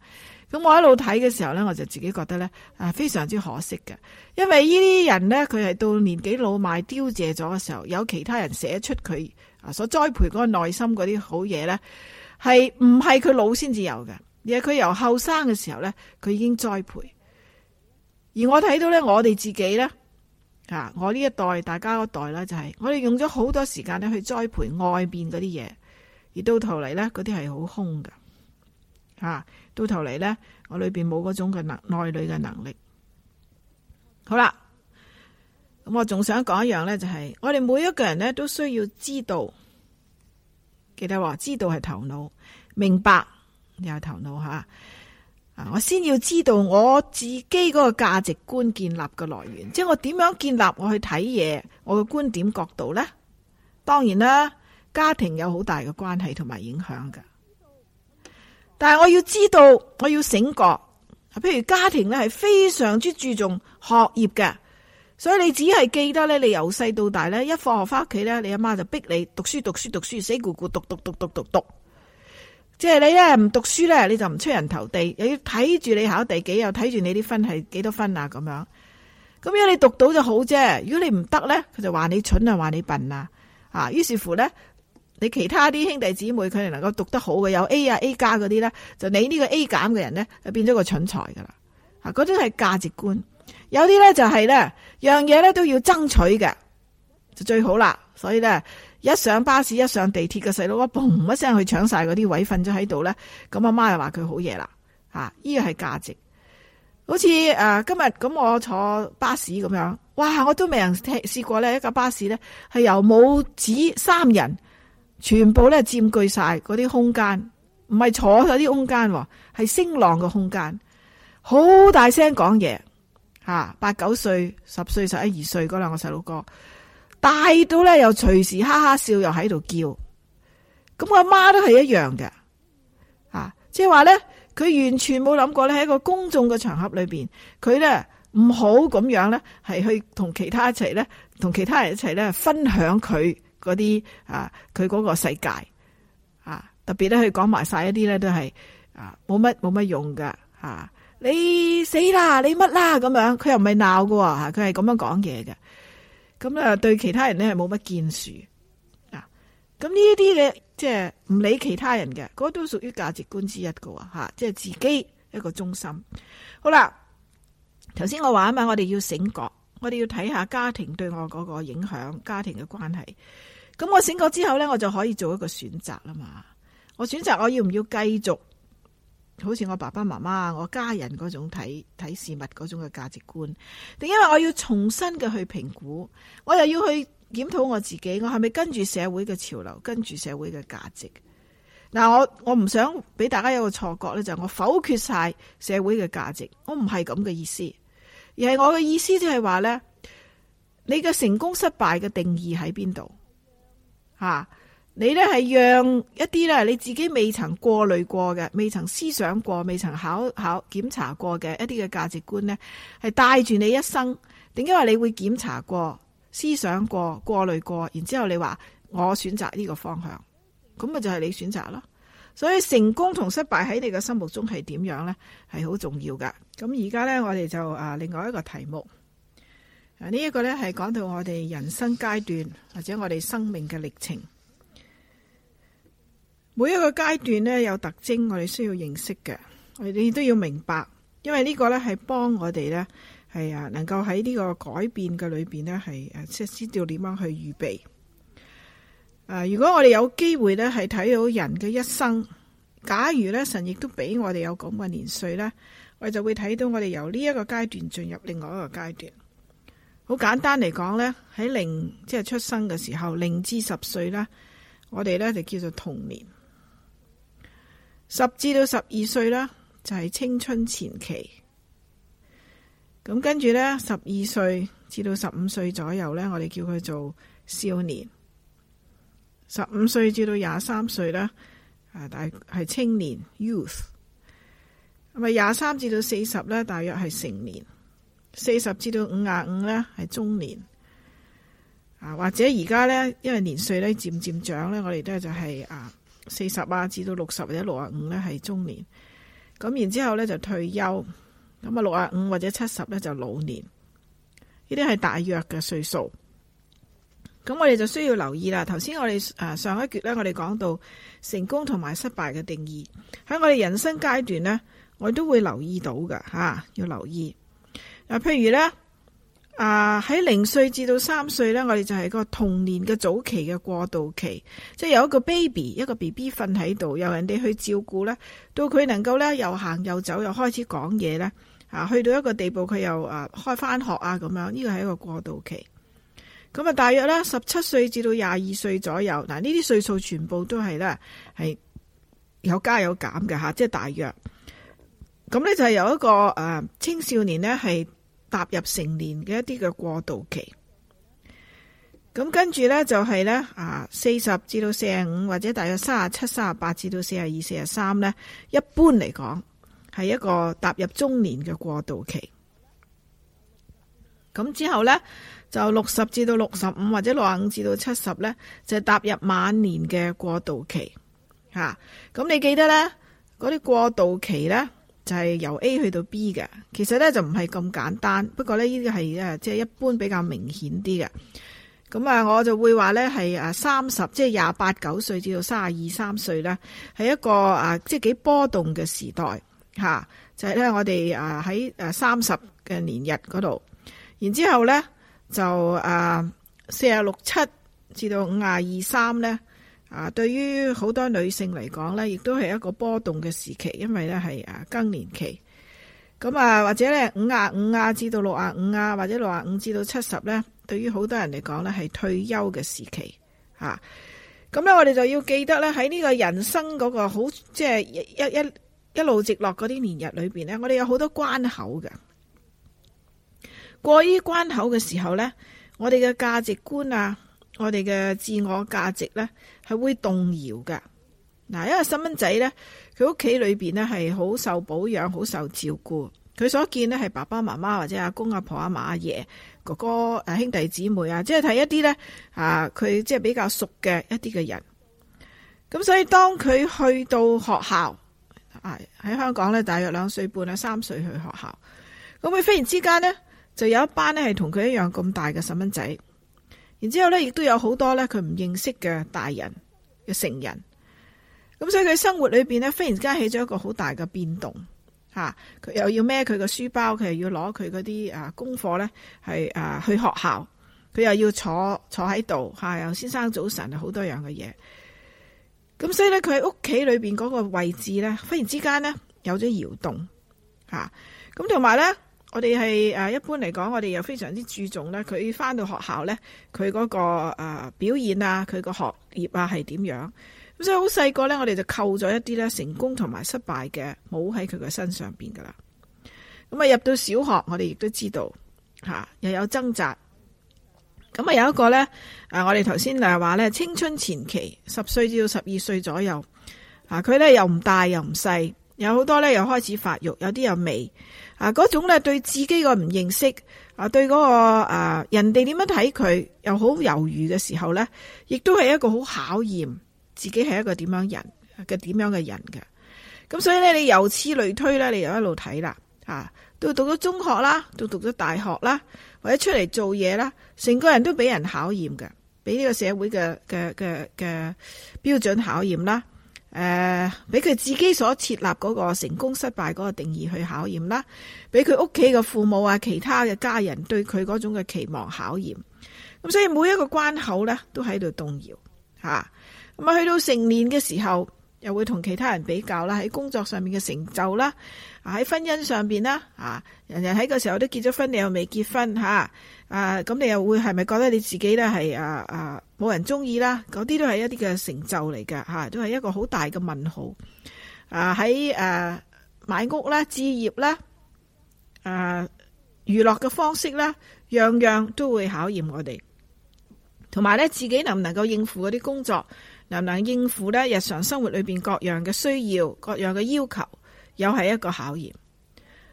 S1: 咁我一路睇嘅時候咧，我就自己覺得咧，啊非常之可惜嘅，因為呢啲人咧，佢係到年紀老邁凋謝咗嘅時候，有其他人寫出佢啊所栽培嗰個內心嗰啲好嘢咧，係唔係佢老先至有嘅？而係佢由後生嘅時候咧，佢已經栽培。而我睇到咧，我哋自己咧，我呢一代大家嗰代咧，就係我哋用咗好多時間咧去栽培外邊嗰啲嘢，而到頭嚟咧，嗰啲係好空噶，吓，到頭嚟咧，我裏邊冇嗰種嘅，能內裏嘅能力。好啦，咁我仲想講一樣咧，就是，就係我哋每一個人咧都需要知道，記得話知道係頭腦，明白又係頭腦吓。我先要知道我自己嗰個價值觀建立嘅來源，即係我點樣建立我去睇嘢，我嘅觀點角度咧。當然啦，家庭有好大嘅關係同埋影響嘅。但係我要知道，我要醒覺。譬如家庭咧係非常之注重學業嘅，所以你只係記得咧，你由細到大咧，一放學翻屋企咧，你阿媽就逼你讀書讀書讀書死固固，咕咕讀讀讀讀讀讀。讀讀讀讀讀讀讀即係你咧唔讀書咧，你就唔出人頭地，又要睇住你考第幾，又睇住你啲分係幾多分啊，咁樣。咁如果你讀到就好啫，如果你唔得咧，佢就話你蠢啊，話你笨啊，啊，於是乎咧，你其他啲兄弟姊妹佢哋能夠讀得好嘅有 A 啊 A 加嗰啲咧，就你呢個 A 減嘅人咧，就變咗個蠢材噶啦。啊，嗰種係價值觀。有啲咧就係、是、咧，樣嘢咧都要爭取嘅，就最好啦。所以咧。一上巴士，一上地鐵嘅，個細佬啊，嘣一聲去搶晒嗰啲位，瞓咗喺度咧。咁阿媽又話佢好嘢啦。吓，依個係價值。好似誒，今日咁我坐巴士咁樣，哇，我都未曾試過咧，一架巴士咧係由母子三人，全部咧佔據晒嗰啲空間，唔係坐咗啲空間，係聲浪嘅空間，好大聲講嘢。吓，八九歲、十歲、十一二歲嗰兩個細佬哥。大到咧又隨時哈哈笑，笑，又喺度叫，咁阿媽都係一樣嘅，啊，即係話咧，佢完全冇諗過咧喺一個公眾嘅場合裏邊，佢咧唔好咁樣咧，係去同其他一齊咧，同其他人一齊咧分享佢嗰啲啊，佢嗰個世界啊，特別咧佢講埋晒一啲咧都係啊，冇乜冇乜用噶啊，你死啦，你乜啦咁樣，佢又唔係鬧㗎吓，佢係咁樣講嘢嘅。咁咧對其他人咧係冇乜建樹啊！咁呢啲嘅即係唔理其他人嘅，嗰都屬於價值觀之一噶喎吓，即係自己一個中心。好啦，頭先我話啊嘛，我哋要醒覺，我哋要睇下家庭對我嗰個影響，家庭嘅關係。咁我醒覺之後咧，我就可以做一個選擇啦嘛。我選擇我要唔要繼續？好似我爸爸媽媽、我家人嗰種睇睇事物嗰種嘅價值觀，定因為我要重新嘅去評估，我又要去檢討我自己，我係咪跟住社會嘅潮流，跟住社會嘅價值？嗱，我我唔想俾大家有個錯覺咧，就係我否決晒社會嘅價值，我唔係咁嘅意思，而係我嘅意思就係話咧，你嘅成功失敗嘅定義喺邊度？吓？你咧係讓一啲咧你自己未曾過濾過嘅，未曾思想過，未曾考考檢查過嘅一啲嘅價值觀呢，係帶住你一生。點解話你會檢查過、思想過、過濾過？然之後你話我選擇呢個方向，咁咪就係你選擇咯。所以成功同失敗喺你嘅心目中係點樣呢？係好重要噶。咁而家呢，我哋就啊另外一個題目，呢一個呢係講到我哋人生階段或者我哋生命嘅歷程。每一個階段咧，有特徵，我哋需要認識嘅，我哋都要明白，因為呢個咧係幫我哋咧係啊，能夠喺呢個改變嘅裏邊咧係誒，即係知道點樣去預備。呃，如果我哋有機會咧係睇到人嘅一生，假如咧神亦都俾我哋有咁嘅年歲呢，我哋就會睇到我哋由呢一個階段進入另外一個階段。好簡單嚟講呢，喺零即係、就是、出生嘅時候，零至十歲呢，我哋呢就叫做童年。十至到十二歲啦，就係青春前期。咁跟住咧，十二歲至到十五歲左右咧，我哋叫佢做少年。十五歲至到廿三歲啦，啊，大係青年 youth。咁啊，廿三至到四十咧，大約係成年。四十至到五廿五咧，係中年。啊，或者而家咧，因為年歲咧，漸漸長咧，我哋都係就係啊。四十啊至到六十或者六啊五咧係中年。咁然之後咧就退休，咁啊六啊五或者七十咧就是老年，呢啲係大約嘅歲數。咁我哋就需要留意啦。頭先我哋誒上一節咧，我哋講到成功同埋失敗嘅定義，喺我哋人生階段咧，我都會留意到噶吓，要留意。啊，譬如咧。啊！喺零歲至到三歲呢，我哋就係個童年嘅早期嘅過渡期，即係有一個 baby，一個 B B 瞓喺度，由人哋去照顧呢到佢能夠呢又行又走，又開始講嘢呢去到一個地步，佢又啊開翻學啊咁樣，呢個係一個過渡期。咁啊，大約呢，十七歲至到廿二歲左右，嗱呢啲歲數全部都係呢，係有加有減嘅吓，即係大約。咁呢，就係有一個誒、啊、青少年呢，係。踏入成年嘅一啲嘅過渡期，咁跟住呢就係呢啊，四十至到四十五或者大約三十七、三十八至到四十二、四十三呢，一般嚟講係一個踏入中年嘅過渡期。咁之後呢，就六十至到六十五或者六十五至到七十呢，就踏入晚年嘅過渡期。吓、啊，咁你記得呢嗰啲過渡期呢？係、就是、由 A 去到 B 嘅，其實咧就唔係咁簡單。不過咧，呢啲係誒，即、就、係、是、一般比較明顯啲嘅。咁啊，我就會話咧係誒三十，即係廿八九歲至到三十二三歲啦，係一個啊，即係幾波動嘅時代吓、啊。就係咧，我哋啊喺誒三十嘅年日嗰度，然之後咧就四十六七至到五廿二三咧。啊，對於好多女性嚟講咧，亦都係一個波動嘅時期，因為咧係啊更年期。咁啊，或者咧五啊五啊至到六啊五啊，或者六啊五至到七十咧，對於好多人嚟講咧係退休嘅時期。吓、啊，咁咧我哋就要記得咧喺呢個人生嗰個好即係一一一,一路直落嗰啲年日裏邊咧，我哋有好多關口嘅。過於關口嘅時候咧，我哋嘅價值觀啊。我哋嘅自我價值咧係會動搖㗎，嗱，因為細蚊仔咧佢屋企裏邊咧係好受保養、好受照顧，佢所見咧係爸爸媽媽或者阿公阿婆阿嫲阿爺哥哥誒兄弟姊妹啊，即係睇一啲咧啊，佢即係比較熟嘅一啲嘅人。咁所以當佢去到學校，喺香港咧大約兩歲半啊三歲去學校，咁佢忽然之間咧就有一班咧係同佢一樣咁大嘅細蚊仔。然之後咧，亦都有好多咧，佢唔認識嘅大人嘅成人，咁所以佢生活裏邊咧，忽然之間起咗一個好大嘅變動，吓佢又要孭佢嘅書包，佢又要攞佢嗰啲啊功課咧，係啊去學校，佢又要坐坐喺度，吓又先生早晨，好多樣嘅嘢，咁所以咧，佢喺屋企裏邊嗰個位置咧，忽然之間咧有咗搖動，吓咁同埋咧。我哋係誒，一般嚟講，我哋又非常之注重咧，佢返到學校咧，佢嗰個誒表現啊，佢個學業啊係點樣？咁所以好細個咧，我哋就扣咗一啲咧成功同埋失敗嘅帽喺佢嘅身上邊噶啦。咁啊，入到小學，我哋亦都知道吓，又有掙扎。咁啊，有一個咧，誒，我哋頭先就係話咧，青春前期十歲至到十二歲左右，啊，佢咧又唔大又唔細，有好多咧又開始發育，有啲又未。啊，嗰種咧對自己個唔認識，啊，對嗰個、誒、啊、人哋點樣睇佢，又好猶豫嘅時候咧，亦都係一個好考驗自己係一個點樣人嘅點樣嘅人嘅。咁所以咧，你由此類推咧，你又一路睇啦，啊，到讀咗中學啦，到讀咗大學啦，或者出嚟做嘢啦，成個人都俾人考驗嘅，俾呢個社會嘅嘅嘅嘅標準考驗啦。誒、呃，俾佢自己所設立嗰個成功失敗嗰個定義去考驗啦，俾佢屋企嘅父母啊，其他嘅家人對佢嗰種嘅期望考驗，咁所以每一個關口咧都喺度動搖吓，咁啊去到成年嘅時候。又會同其他人比較啦，喺工作上面嘅成就啦，喺婚姻上邊啦，啊，人人喺個時候都結咗婚，你又未結婚吓，啊，咁你又會係咪覺得你自己咧係啊啊冇人中意啦？嗰啲都係一啲嘅成就嚟嘅，吓、啊，都係一個好大嘅問號啊！喺誒、啊、買屋啦、置業啦、誒、啊、娛樂嘅方式啦，樣樣都會考驗我哋，同埋咧自己能唔能夠應付嗰啲工作。能唔能應付呢，日常生活裏邊各樣嘅需要、各樣嘅要求，又係一個考驗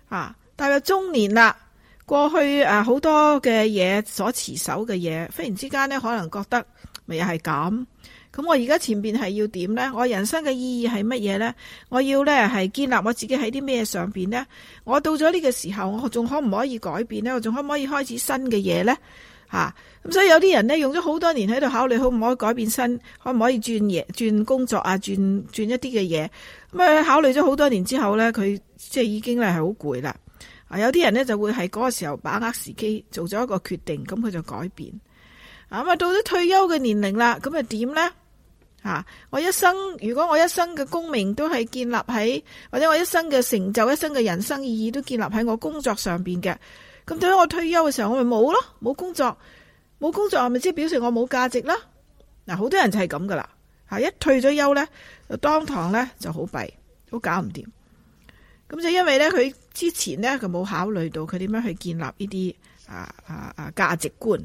S1: 啊！踏入中年啦，過去誒好多嘅嘢所持守嘅嘢，忽然之間呢可能覺得咪又係咁咁。噉我而家前邊係要點呢？我人生嘅意義係乜嘢呢？我要呢係建立我自己喺啲咩上邊呢？我到咗呢個時候，我仲可唔可以改變呢？我仲可唔可以開始新嘅嘢呢？吓、啊、咁所以有啲人咧用咗好多年喺度考慮可唔可以改變身，可唔可以轉嘢、轉工作啊、轉轉一啲嘅嘢。咁、啊、佢考慮咗好多年之後咧，佢即係已經咧係好攰啦。啊，有啲人咧就會喺嗰個時候把握時機，做咗一個決定，咁佢就改變。咁啊到咗退休嘅年齡啦，咁又點咧？吓我一生，如果我一生嘅功名都係建立喺，或者我一生嘅成就、一生嘅人生意義都建立喺我工作上邊嘅。咁到咗我退休嘅時候，我咪冇咯，冇工作，冇工作我，係咪即係表示我冇價值啦？嗱，好多人就係咁噶啦，吓一退咗休咧，當堂咧就好弊，好搞唔掂。咁就因為咧，佢之前咧，佢冇考慮到佢點樣去建立呢啲啊啊啊價值觀。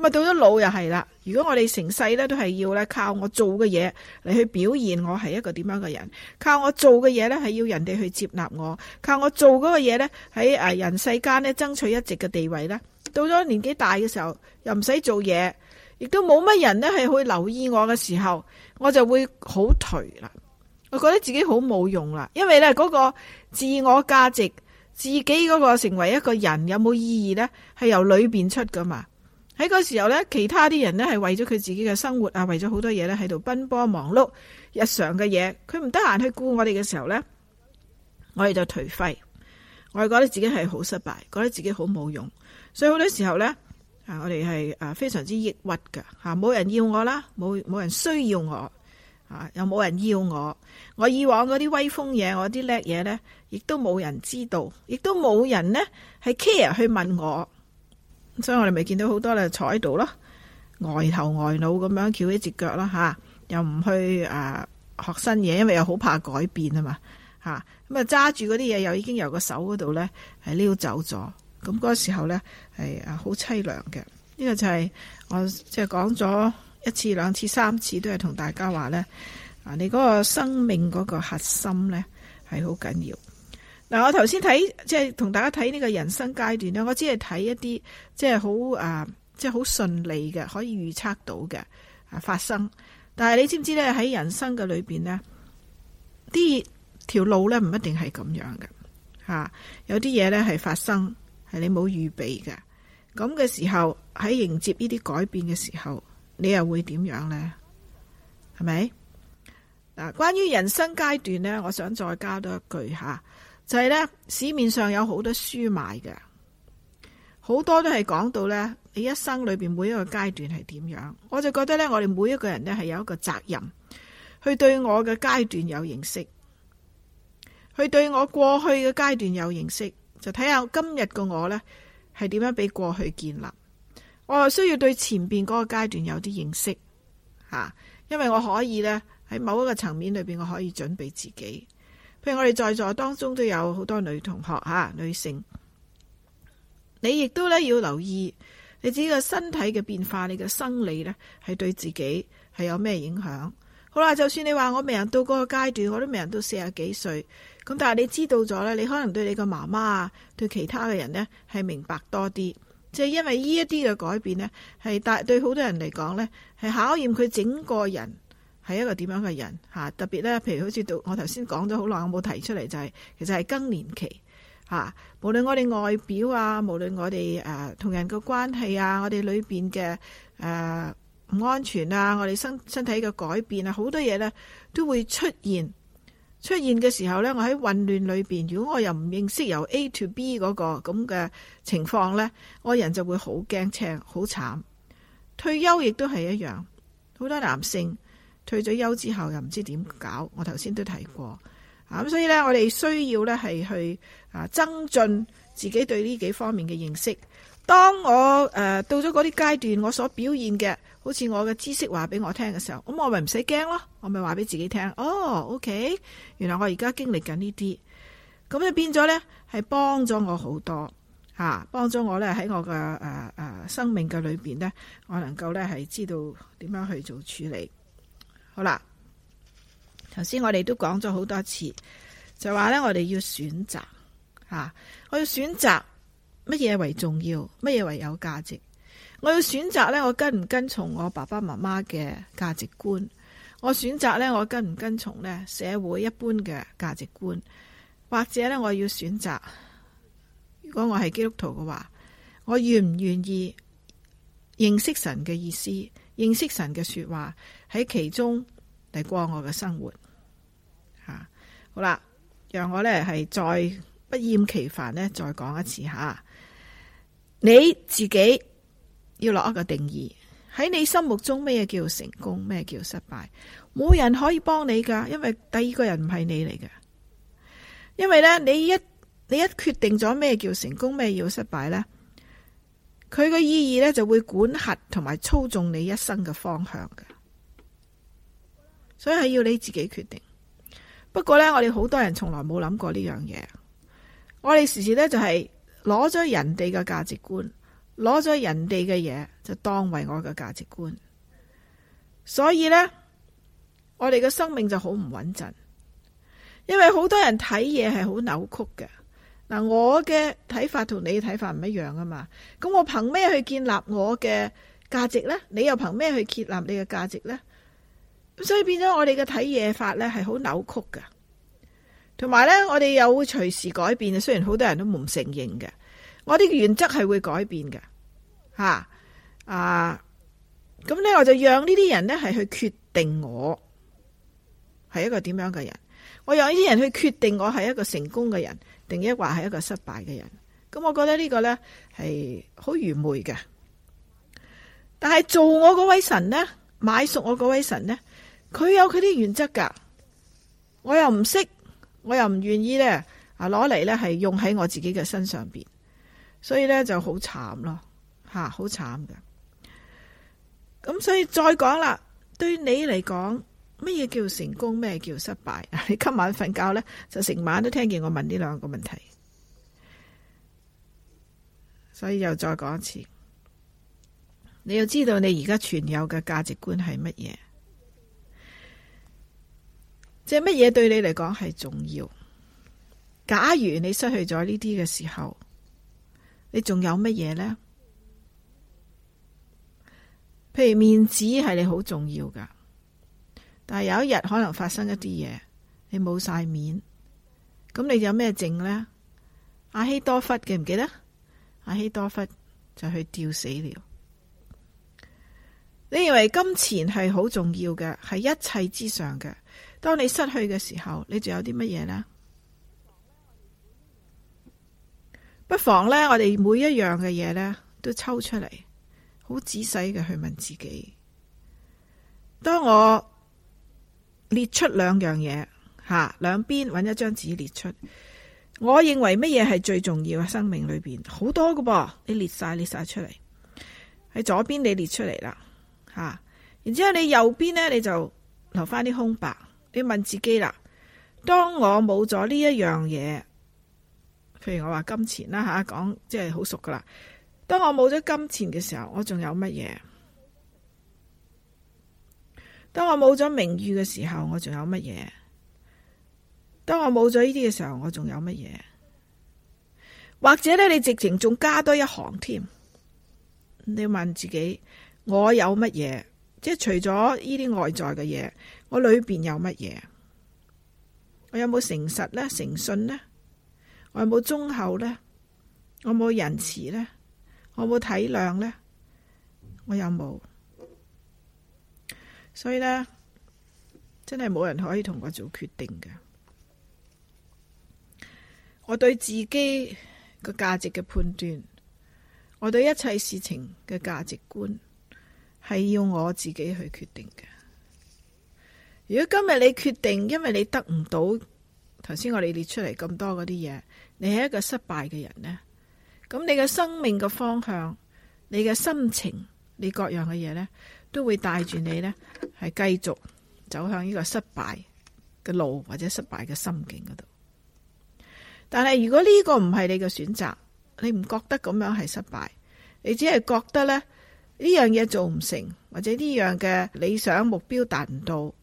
S1: 咪到咗老又係啦。如果我哋成世咧都係要咧靠我做嘅嘢嚟去表現我係一個點樣嘅人，靠我做嘅嘢咧係要人哋去接納我，靠我做嗰個嘢咧喺誒人世間咧爭取一席嘅地位啦。到咗年紀大嘅時候，又唔使做嘢，亦都冇乜人咧係去留意我嘅時候，我就會好頹啦。我覺得自己好冇用啦，因為咧嗰個自我價值、自己嗰個成為一個人有冇意義咧，係由裏邊出噶嘛。喺嗰時候咧，其他啲人咧係為咗佢自己嘅生活啊，為咗好多嘢咧喺度奔波忙碌，日常嘅嘢，佢唔得閒去顧我哋嘅時候咧，我哋就頹廢，我哋覺得自己係好失敗，覺得自己好冇用，所以好多時候咧，啊我哋係啊非常之抑鬱噶，吓冇人要我啦，冇冇人需要我，啊又冇人要我，我以往嗰啲威風嘢，我啲叻嘢咧，亦都冇人知道，亦都冇人呢係 care 去問我。所以我哋咪見到好多咧坐喺度咯，呆頭呆腦咁樣翹起隻腳啦吓、啊，又唔去學、啊、學新嘢，因為又好怕改變啊嘛吓，咁啊揸住嗰啲嘢又已經由個手嗰度咧係溜走咗，咁、那、嗰個時候咧係啊好淒涼嘅。呢、這個就係、是、我即係講咗一次、兩次、三次，都係同大家話咧，啊你嗰個生命嗰個核心咧係好緊要。嗱，我頭先睇即係同大家睇呢個人生階段咧，我只係睇一啲即係好啊，即係好順利嘅，可以預測到嘅啊發生。但係你知唔知咧？喺人生嘅裏邊呢，啲條路咧唔一定係咁樣嘅吓，啊。有啲嘢咧係發生系你冇預備嘅。咁嘅時候喺迎接呢啲改變嘅時候，你又會點樣咧？係咪嗱？關於人生階段咧，我想再加多一句吓。啊就係咧，市面上有好多書賣嘅，好多都係講到咧，你一生裏邊每一個階段係點樣。我就覺得咧，我哋每一個人呢係有一個責任，去對我嘅階段有認識，去對我過去嘅階段有認識，就睇下今日嘅我呢係點樣俾過去建立。我需要對前邊嗰個階段有啲認識，吓，因為我可以呢，喺某一個層面裏邊，我可以準備自己。因為我哋在座當中都有好多女同學吓、啊，女性，你亦都咧要留意你自己嘅身體嘅變化，你嘅生理咧係對自己係有咩影響？好啦，就算你話我未人到嗰個階段，我都未人到四十幾歲，咁但係你知道咗咧，你可能對你個媽媽啊，對其他嘅人咧係明白多啲，即係因為呢一啲嘅改變咧，係對好多人嚟講咧係考驗佢整個人，係一個點樣嘅人吓、啊，特別咧，譬如好似到我頭先講咗好耐，我冇提出嚟，就係、是、其實係更年期吓、啊。無論我哋外表啊，無論我哋誒同人嘅關係啊，我哋裏邊嘅誒唔安全啊，我哋身身體嘅改變啊，好多嘢咧都會出現。出現嘅時候咧，我喺混亂裏邊，如果我又唔認識由 A to B 嗰個咁嘅情況咧，我的人就會好驚青，好慘。退休亦都係一樣，好多男性。退咗休之後又唔知點搞，我頭先都提過，咁、啊、所以咧，我哋需要咧係去啊增進自己對呢幾方面嘅認識。當我誒、啊、到咗嗰啲階段，我所表現嘅，好似我嘅知識話俾我聽嘅時候，咁我咪唔使驚咯，我咪話俾自己聽，哦、oh，OK，原來我而家經歷緊呢啲，咁就變咗咧係幫咗我好多，吓、啊，幫咗我咧喺我嘅誒誒生命嘅裏邊咧，我能夠咧係知道點樣去做處理。好啦，頭先我哋都講咗好多次，就話咧，我哋要選擇吓，我要選擇乜嘢為重要，乜嘢為有價值，我要選擇咧，我跟唔跟從我爸爸媽媽嘅價值觀，我選擇咧，我跟唔跟從咧社會一般嘅價值觀，或者咧，我要選擇，如果我係基督徒嘅話，我願唔願意認識神嘅意思？認識神嘅說話喺其中嚟過我嘅生活，吓、啊、好啦，讓我咧係再不厭其煩咧再講一次吓，你自己要落一個定義喺你心目中咩叫成功，咩叫失敗，冇人可以幫你噶，因為第二個人唔係你嚟嘅，因為咧你一你一決定咗咩叫成功，咩叫失敗咧。佢個意義呢就會管轄同埋操縱你一生嘅方向嘅，所以係要你自己決定。不過呢，我哋好多人從來冇諗過呢樣嘢，我哋時時呢就係攞咗人哋嘅價值觀，攞咗人哋嘅嘢就當為我嘅價值觀，所以呢，我哋嘅生命就好唔穩陣，因為好多人睇嘢係好扭曲嘅。嗱，我嘅睇法同你嘅睇法唔一樣啊嘛，咁我憑咩去建立我嘅價值咧？你又憑咩去建立你嘅價值咧？咁所以變咗我哋嘅睇嘢法咧係好扭曲噶同埋咧我哋又會隨時改變，雖然好多人都唔承認嘅，我啲原則係會改變嘅，吓啊，咁、啊、咧我就讓呢啲人咧係去決定我係一個點樣嘅人，我讓呢啲人去決定我係一個成功嘅人，定一話係一個失敗嘅人，咁我覺得呢個呢係好愚昧嘅。但係做我嗰位神呢，買熟我嗰位神呢，佢有佢啲原則噶我又唔識，我又唔願意呢，啊，攞嚟呢係用喺我自己嘅身上邊，所以呢就好慘咯，吓、啊、好慘嘅。咁所以再講啦，對你嚟講。乜嘢叫成功？咩嘢叫失敗？你今晚瞓覺呢，就成晚都聽見我問呢兩個問題，所以又再講一次。你要知道你而家存有嘅價值觀係乜嘢，即係乜嘢對你嚟講係重要。假如你失去咗呢啲嘅時候，你仲有乜嘢呢？譬如面子係你好重要噶。但係有一日可能發生一啲嘢，你冇晒面，咁你有咩證呢？阿希多弗記唔記得，阿希多弗就去吊死了。你以為金錢係好重要嘅，係一切之上嘅。當你失去嘅時候，你仲有啲乜嘢呢？不妨呢，我哋每一樣嘅嘢呢，都抽出嚟，好仔細嘅去問自己。當我。列出兩樣嘢，吓，兩邊搵一張紙列出。我認為乜嘢係最重要啊？生命裏邊好多噶噃，你列晒列晒出嚟。喺左邊你列出嚟啦，吓，然之後你右邊咧，你就留翻啲空白，你問自己啦。當我冇咗呢一樣嘢，譬如我話金錢啦吓，講即係好熟噶啦。當我冇咗金錢嘅時候，我仲有乜嘢？當我冇咗名譽嘅時候，我仲有乜嘢？當我冇咗呢啲嘅時候，我仲有乜嘢？或者呢，你直情仲加多一行添？你問自己，我有乜嘢？即係除咗呢啲外在嘅嘢，我裏邊有乜嘢？我有冇誠實呢？誠信呢？我有冇忠厚呢？我有冇仁慈呢？我有冇體諒呢？我有冇。所以呢，真係冇人可以同我做決定嘅。我對自己個價值嘅判斷，我對一切事情嘅價值觀，係要我自己去決定嘅。如果今日你決定，因為你得唔到頭先我哋列出嚟咁多嗰啲嘢，你係一個失敗嘅人呢？咁你嘅生命嘅方向，你嘅心情，你各樣嘅嘢呢，都會帶住你呢，係繼續走向呢個失敗嘅路，或者失敗嘅心境嗰度。但係如果呢個唔係你嘅選擇，你唔覺得咁樣係失敗，你只係覺得呢呢樣嘢做唔成，或者呢樣嘅理想目標達唔到，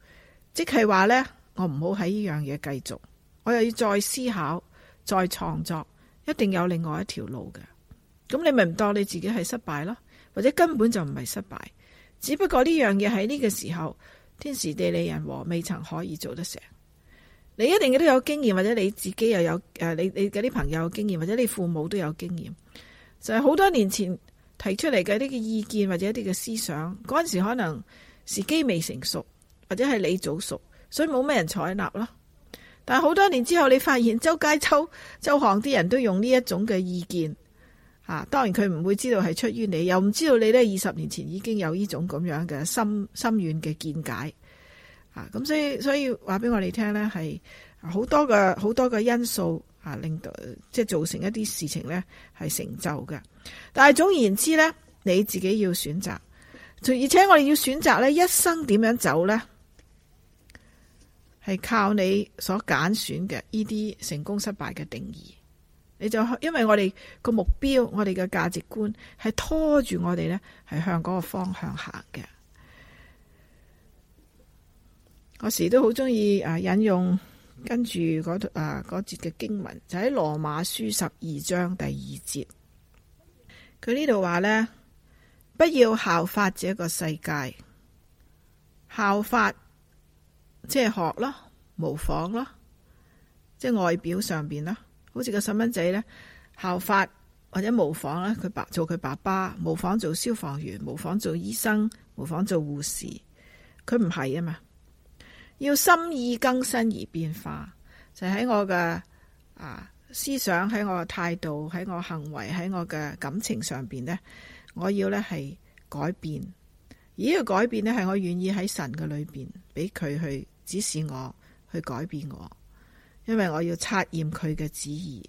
S1: 即係話呢：「我唔好喺呢樣嘢繼續，我又要再思考、再創作，一定有另外一條路嘅。」咁你咪唔當你自己係失敗咯，或者根本就唔係失敗。只不過呢樣嘢喺呢個時候，天時地利人和未曾可以做得成，你一定都有經驗，或者你自己又有誒，你你嗰啲朋友有經驗，或者你父母都有經驗，就係、是、好多年前提出嚟嘅呢個意見或者一啲嘅思想，嗰陣時可能時機未成熟，或者係你早熟，所以冇咩人採納咯。但係好多年之後，你發現周街周周巷啲人都用呢一種嘅意見。啊，當然佢唔會知道係出於你，又唔知道你呢二十年前已經有呢種咁樣嘅深深遠嘅見解。啊，咁所以所以話俾我哋聽呢係好多嘅好多嘅因素啊，令到即係造成一啲事情呢係成就嘅。但係總而言之呢，你自己要選擇，而且我哋要選擇呢一生點樣走呢？係靠你所揀選嘅呢啲成功失敗嘅定義。因為我哋個目標，我哋嘅價值觀係拖住我哋呢，係向嗰個方向行嘅。我時都好中意啊引用跟住嗰啊節嘅經文，就喺羅馬書十二章第二節。佢呢度話呢：「不要效法這個世界，效法即係學咯，模仿咯，即係外表上邊咯。好似個細蚊仔咧，效法或者模仿咧，佢爸做佢爸爸，模仿做消防員，模仿做醫生，模仿做護士，佢唔係啊嘛。要心意更新而變化，就喺我嘅啊思想，喺我嘅態度，喺我行為，喺我嘅感情上邊咧，我要咧係改變。而呢個改變咧係我願意喺神嘅裏邊俾佢去指示我去改變我。因為我要測驗佢嘅旨意。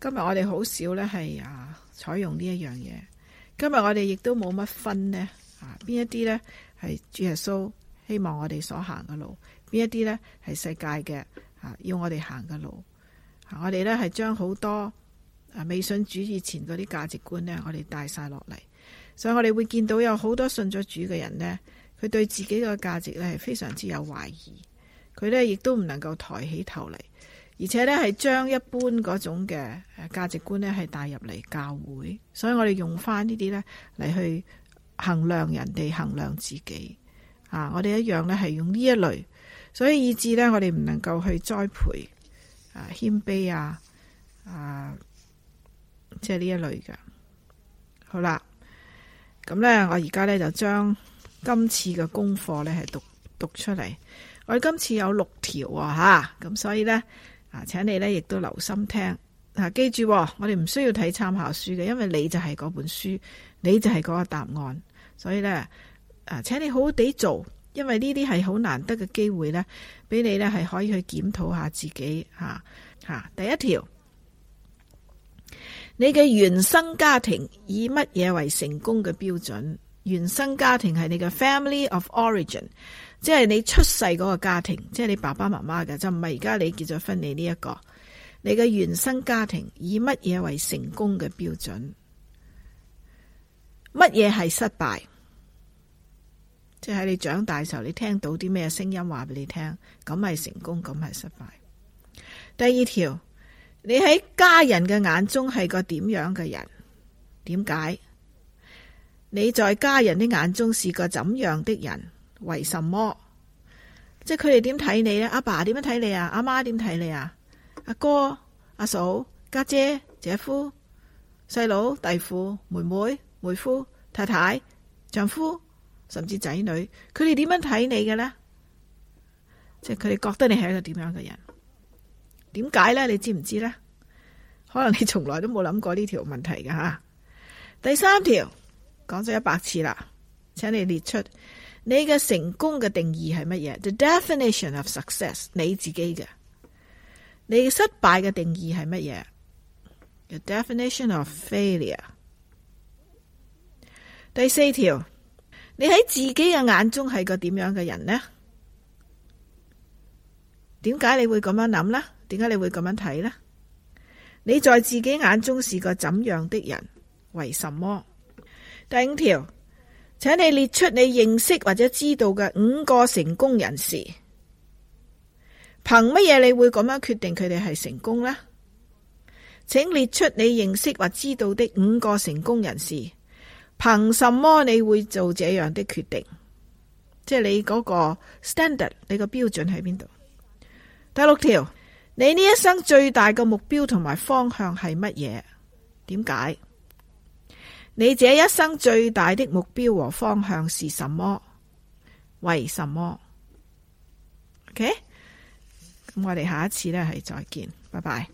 S1: 今日我哋好少咧係啊，採用呢一樣嘢。今日我哋亦都冇乜分呢啊，邊一啲呢係主耶穌希望我哋所行嘅路，邊一啲呢係世界嘅啊，要我哋行嘅路。我哋呢係將好多啊，未信主以前嗰啲價值觀呢我哋帶晒落嚟。所以我哋會見到有好多信咗主嘅人呢，佢對自己嘅價值呢係非常之有懷疑。佢咧亦都唔能夠抬起頭嚟，而且咧係將一般嗰種嘅誒價值觀咧係帶入嚟教會，所以我哋用翻呢啲咧嚟去衡量人哋，衡量自己啊。我哋一樣咧係用呢一類，所以以至咧我哋唔能夠去栽培啊謙卑啊啊，即係呢一類嘅。好啦。咁咧，我而家咧就將今次嘅功課咧係讀讀出嚟。我今次有六條吓，咁所以呢，啊，請你呢亦都留心聽啊，記住我哋唔需要睇參考書嘅，因為你就係嗰本書，你就係嗰個答案，所以呢，啊，請你好好地做，因為呢啲係好難得嘅機會呢，俾你呢係可以去檢討下自己吓吓，啊啊。第一條，你嘅原生家庭以乜嘢為成功嘅標準？原生家庭係你嘅 family of origin。即係你出世嗰個家庭，即係你爸爸媽媽嘅，就唔係而家你結咗婚你呢一個。你嘅原生家庭以乜嘢為成功嘅標準？乜嘢係失敗？即係你長大嘅時候，你聽到啲咩聲音話畀你聽？咁係成功，咁係失敗。第二條，你喺家人嘅眼中係個點樣嘅人？點解？你在家人嘅眼中是個怎樣的人？為什麼？即係佢哋點睇你咧？阿爸點樣睇你啊？阿媽點睇你啊？阿哥、阿嫂、家姐、姐夫、細佬、弟婦、妹妹、妹夫、太太、丈夫，甚至仔女，佢哋點樣睇你嘅咧？即係佢哋覺得你係一個點樣嘅人？點解咧？你知唔知咧？可能你從來都冇諗過呢條問題嘅吓。第三條講咗一百次啦，請你列出。你嘅成功嘅定義係乜嘢？The definition of success 你自己嘅。你嘅失敗嘅定義係乜嘢？The definition of failure。第四條，你喺自己嘅眼中係個點樣嘅人呢？點解你會咁樣諗呢？點解你會咁樣睇呢？你在自己眼中是個怎樣的人？為什麼？第五條。請你列出你認識或者知道嘅五個成功人士，憑乜嘢你會咁樣決定佢哋係成功呢？請列出你認識或知道的五個成功人士，憑什麼你會做這樣的決定？即係你嗰個 standard，你個標準喺邊度？第六條，你呢一生最大嘅目標同埋方向係乜嘢？點解？你這一生最大的目標和方向是什麼？為什麼？OK，咁我哋下一次呢係再見，拜拜。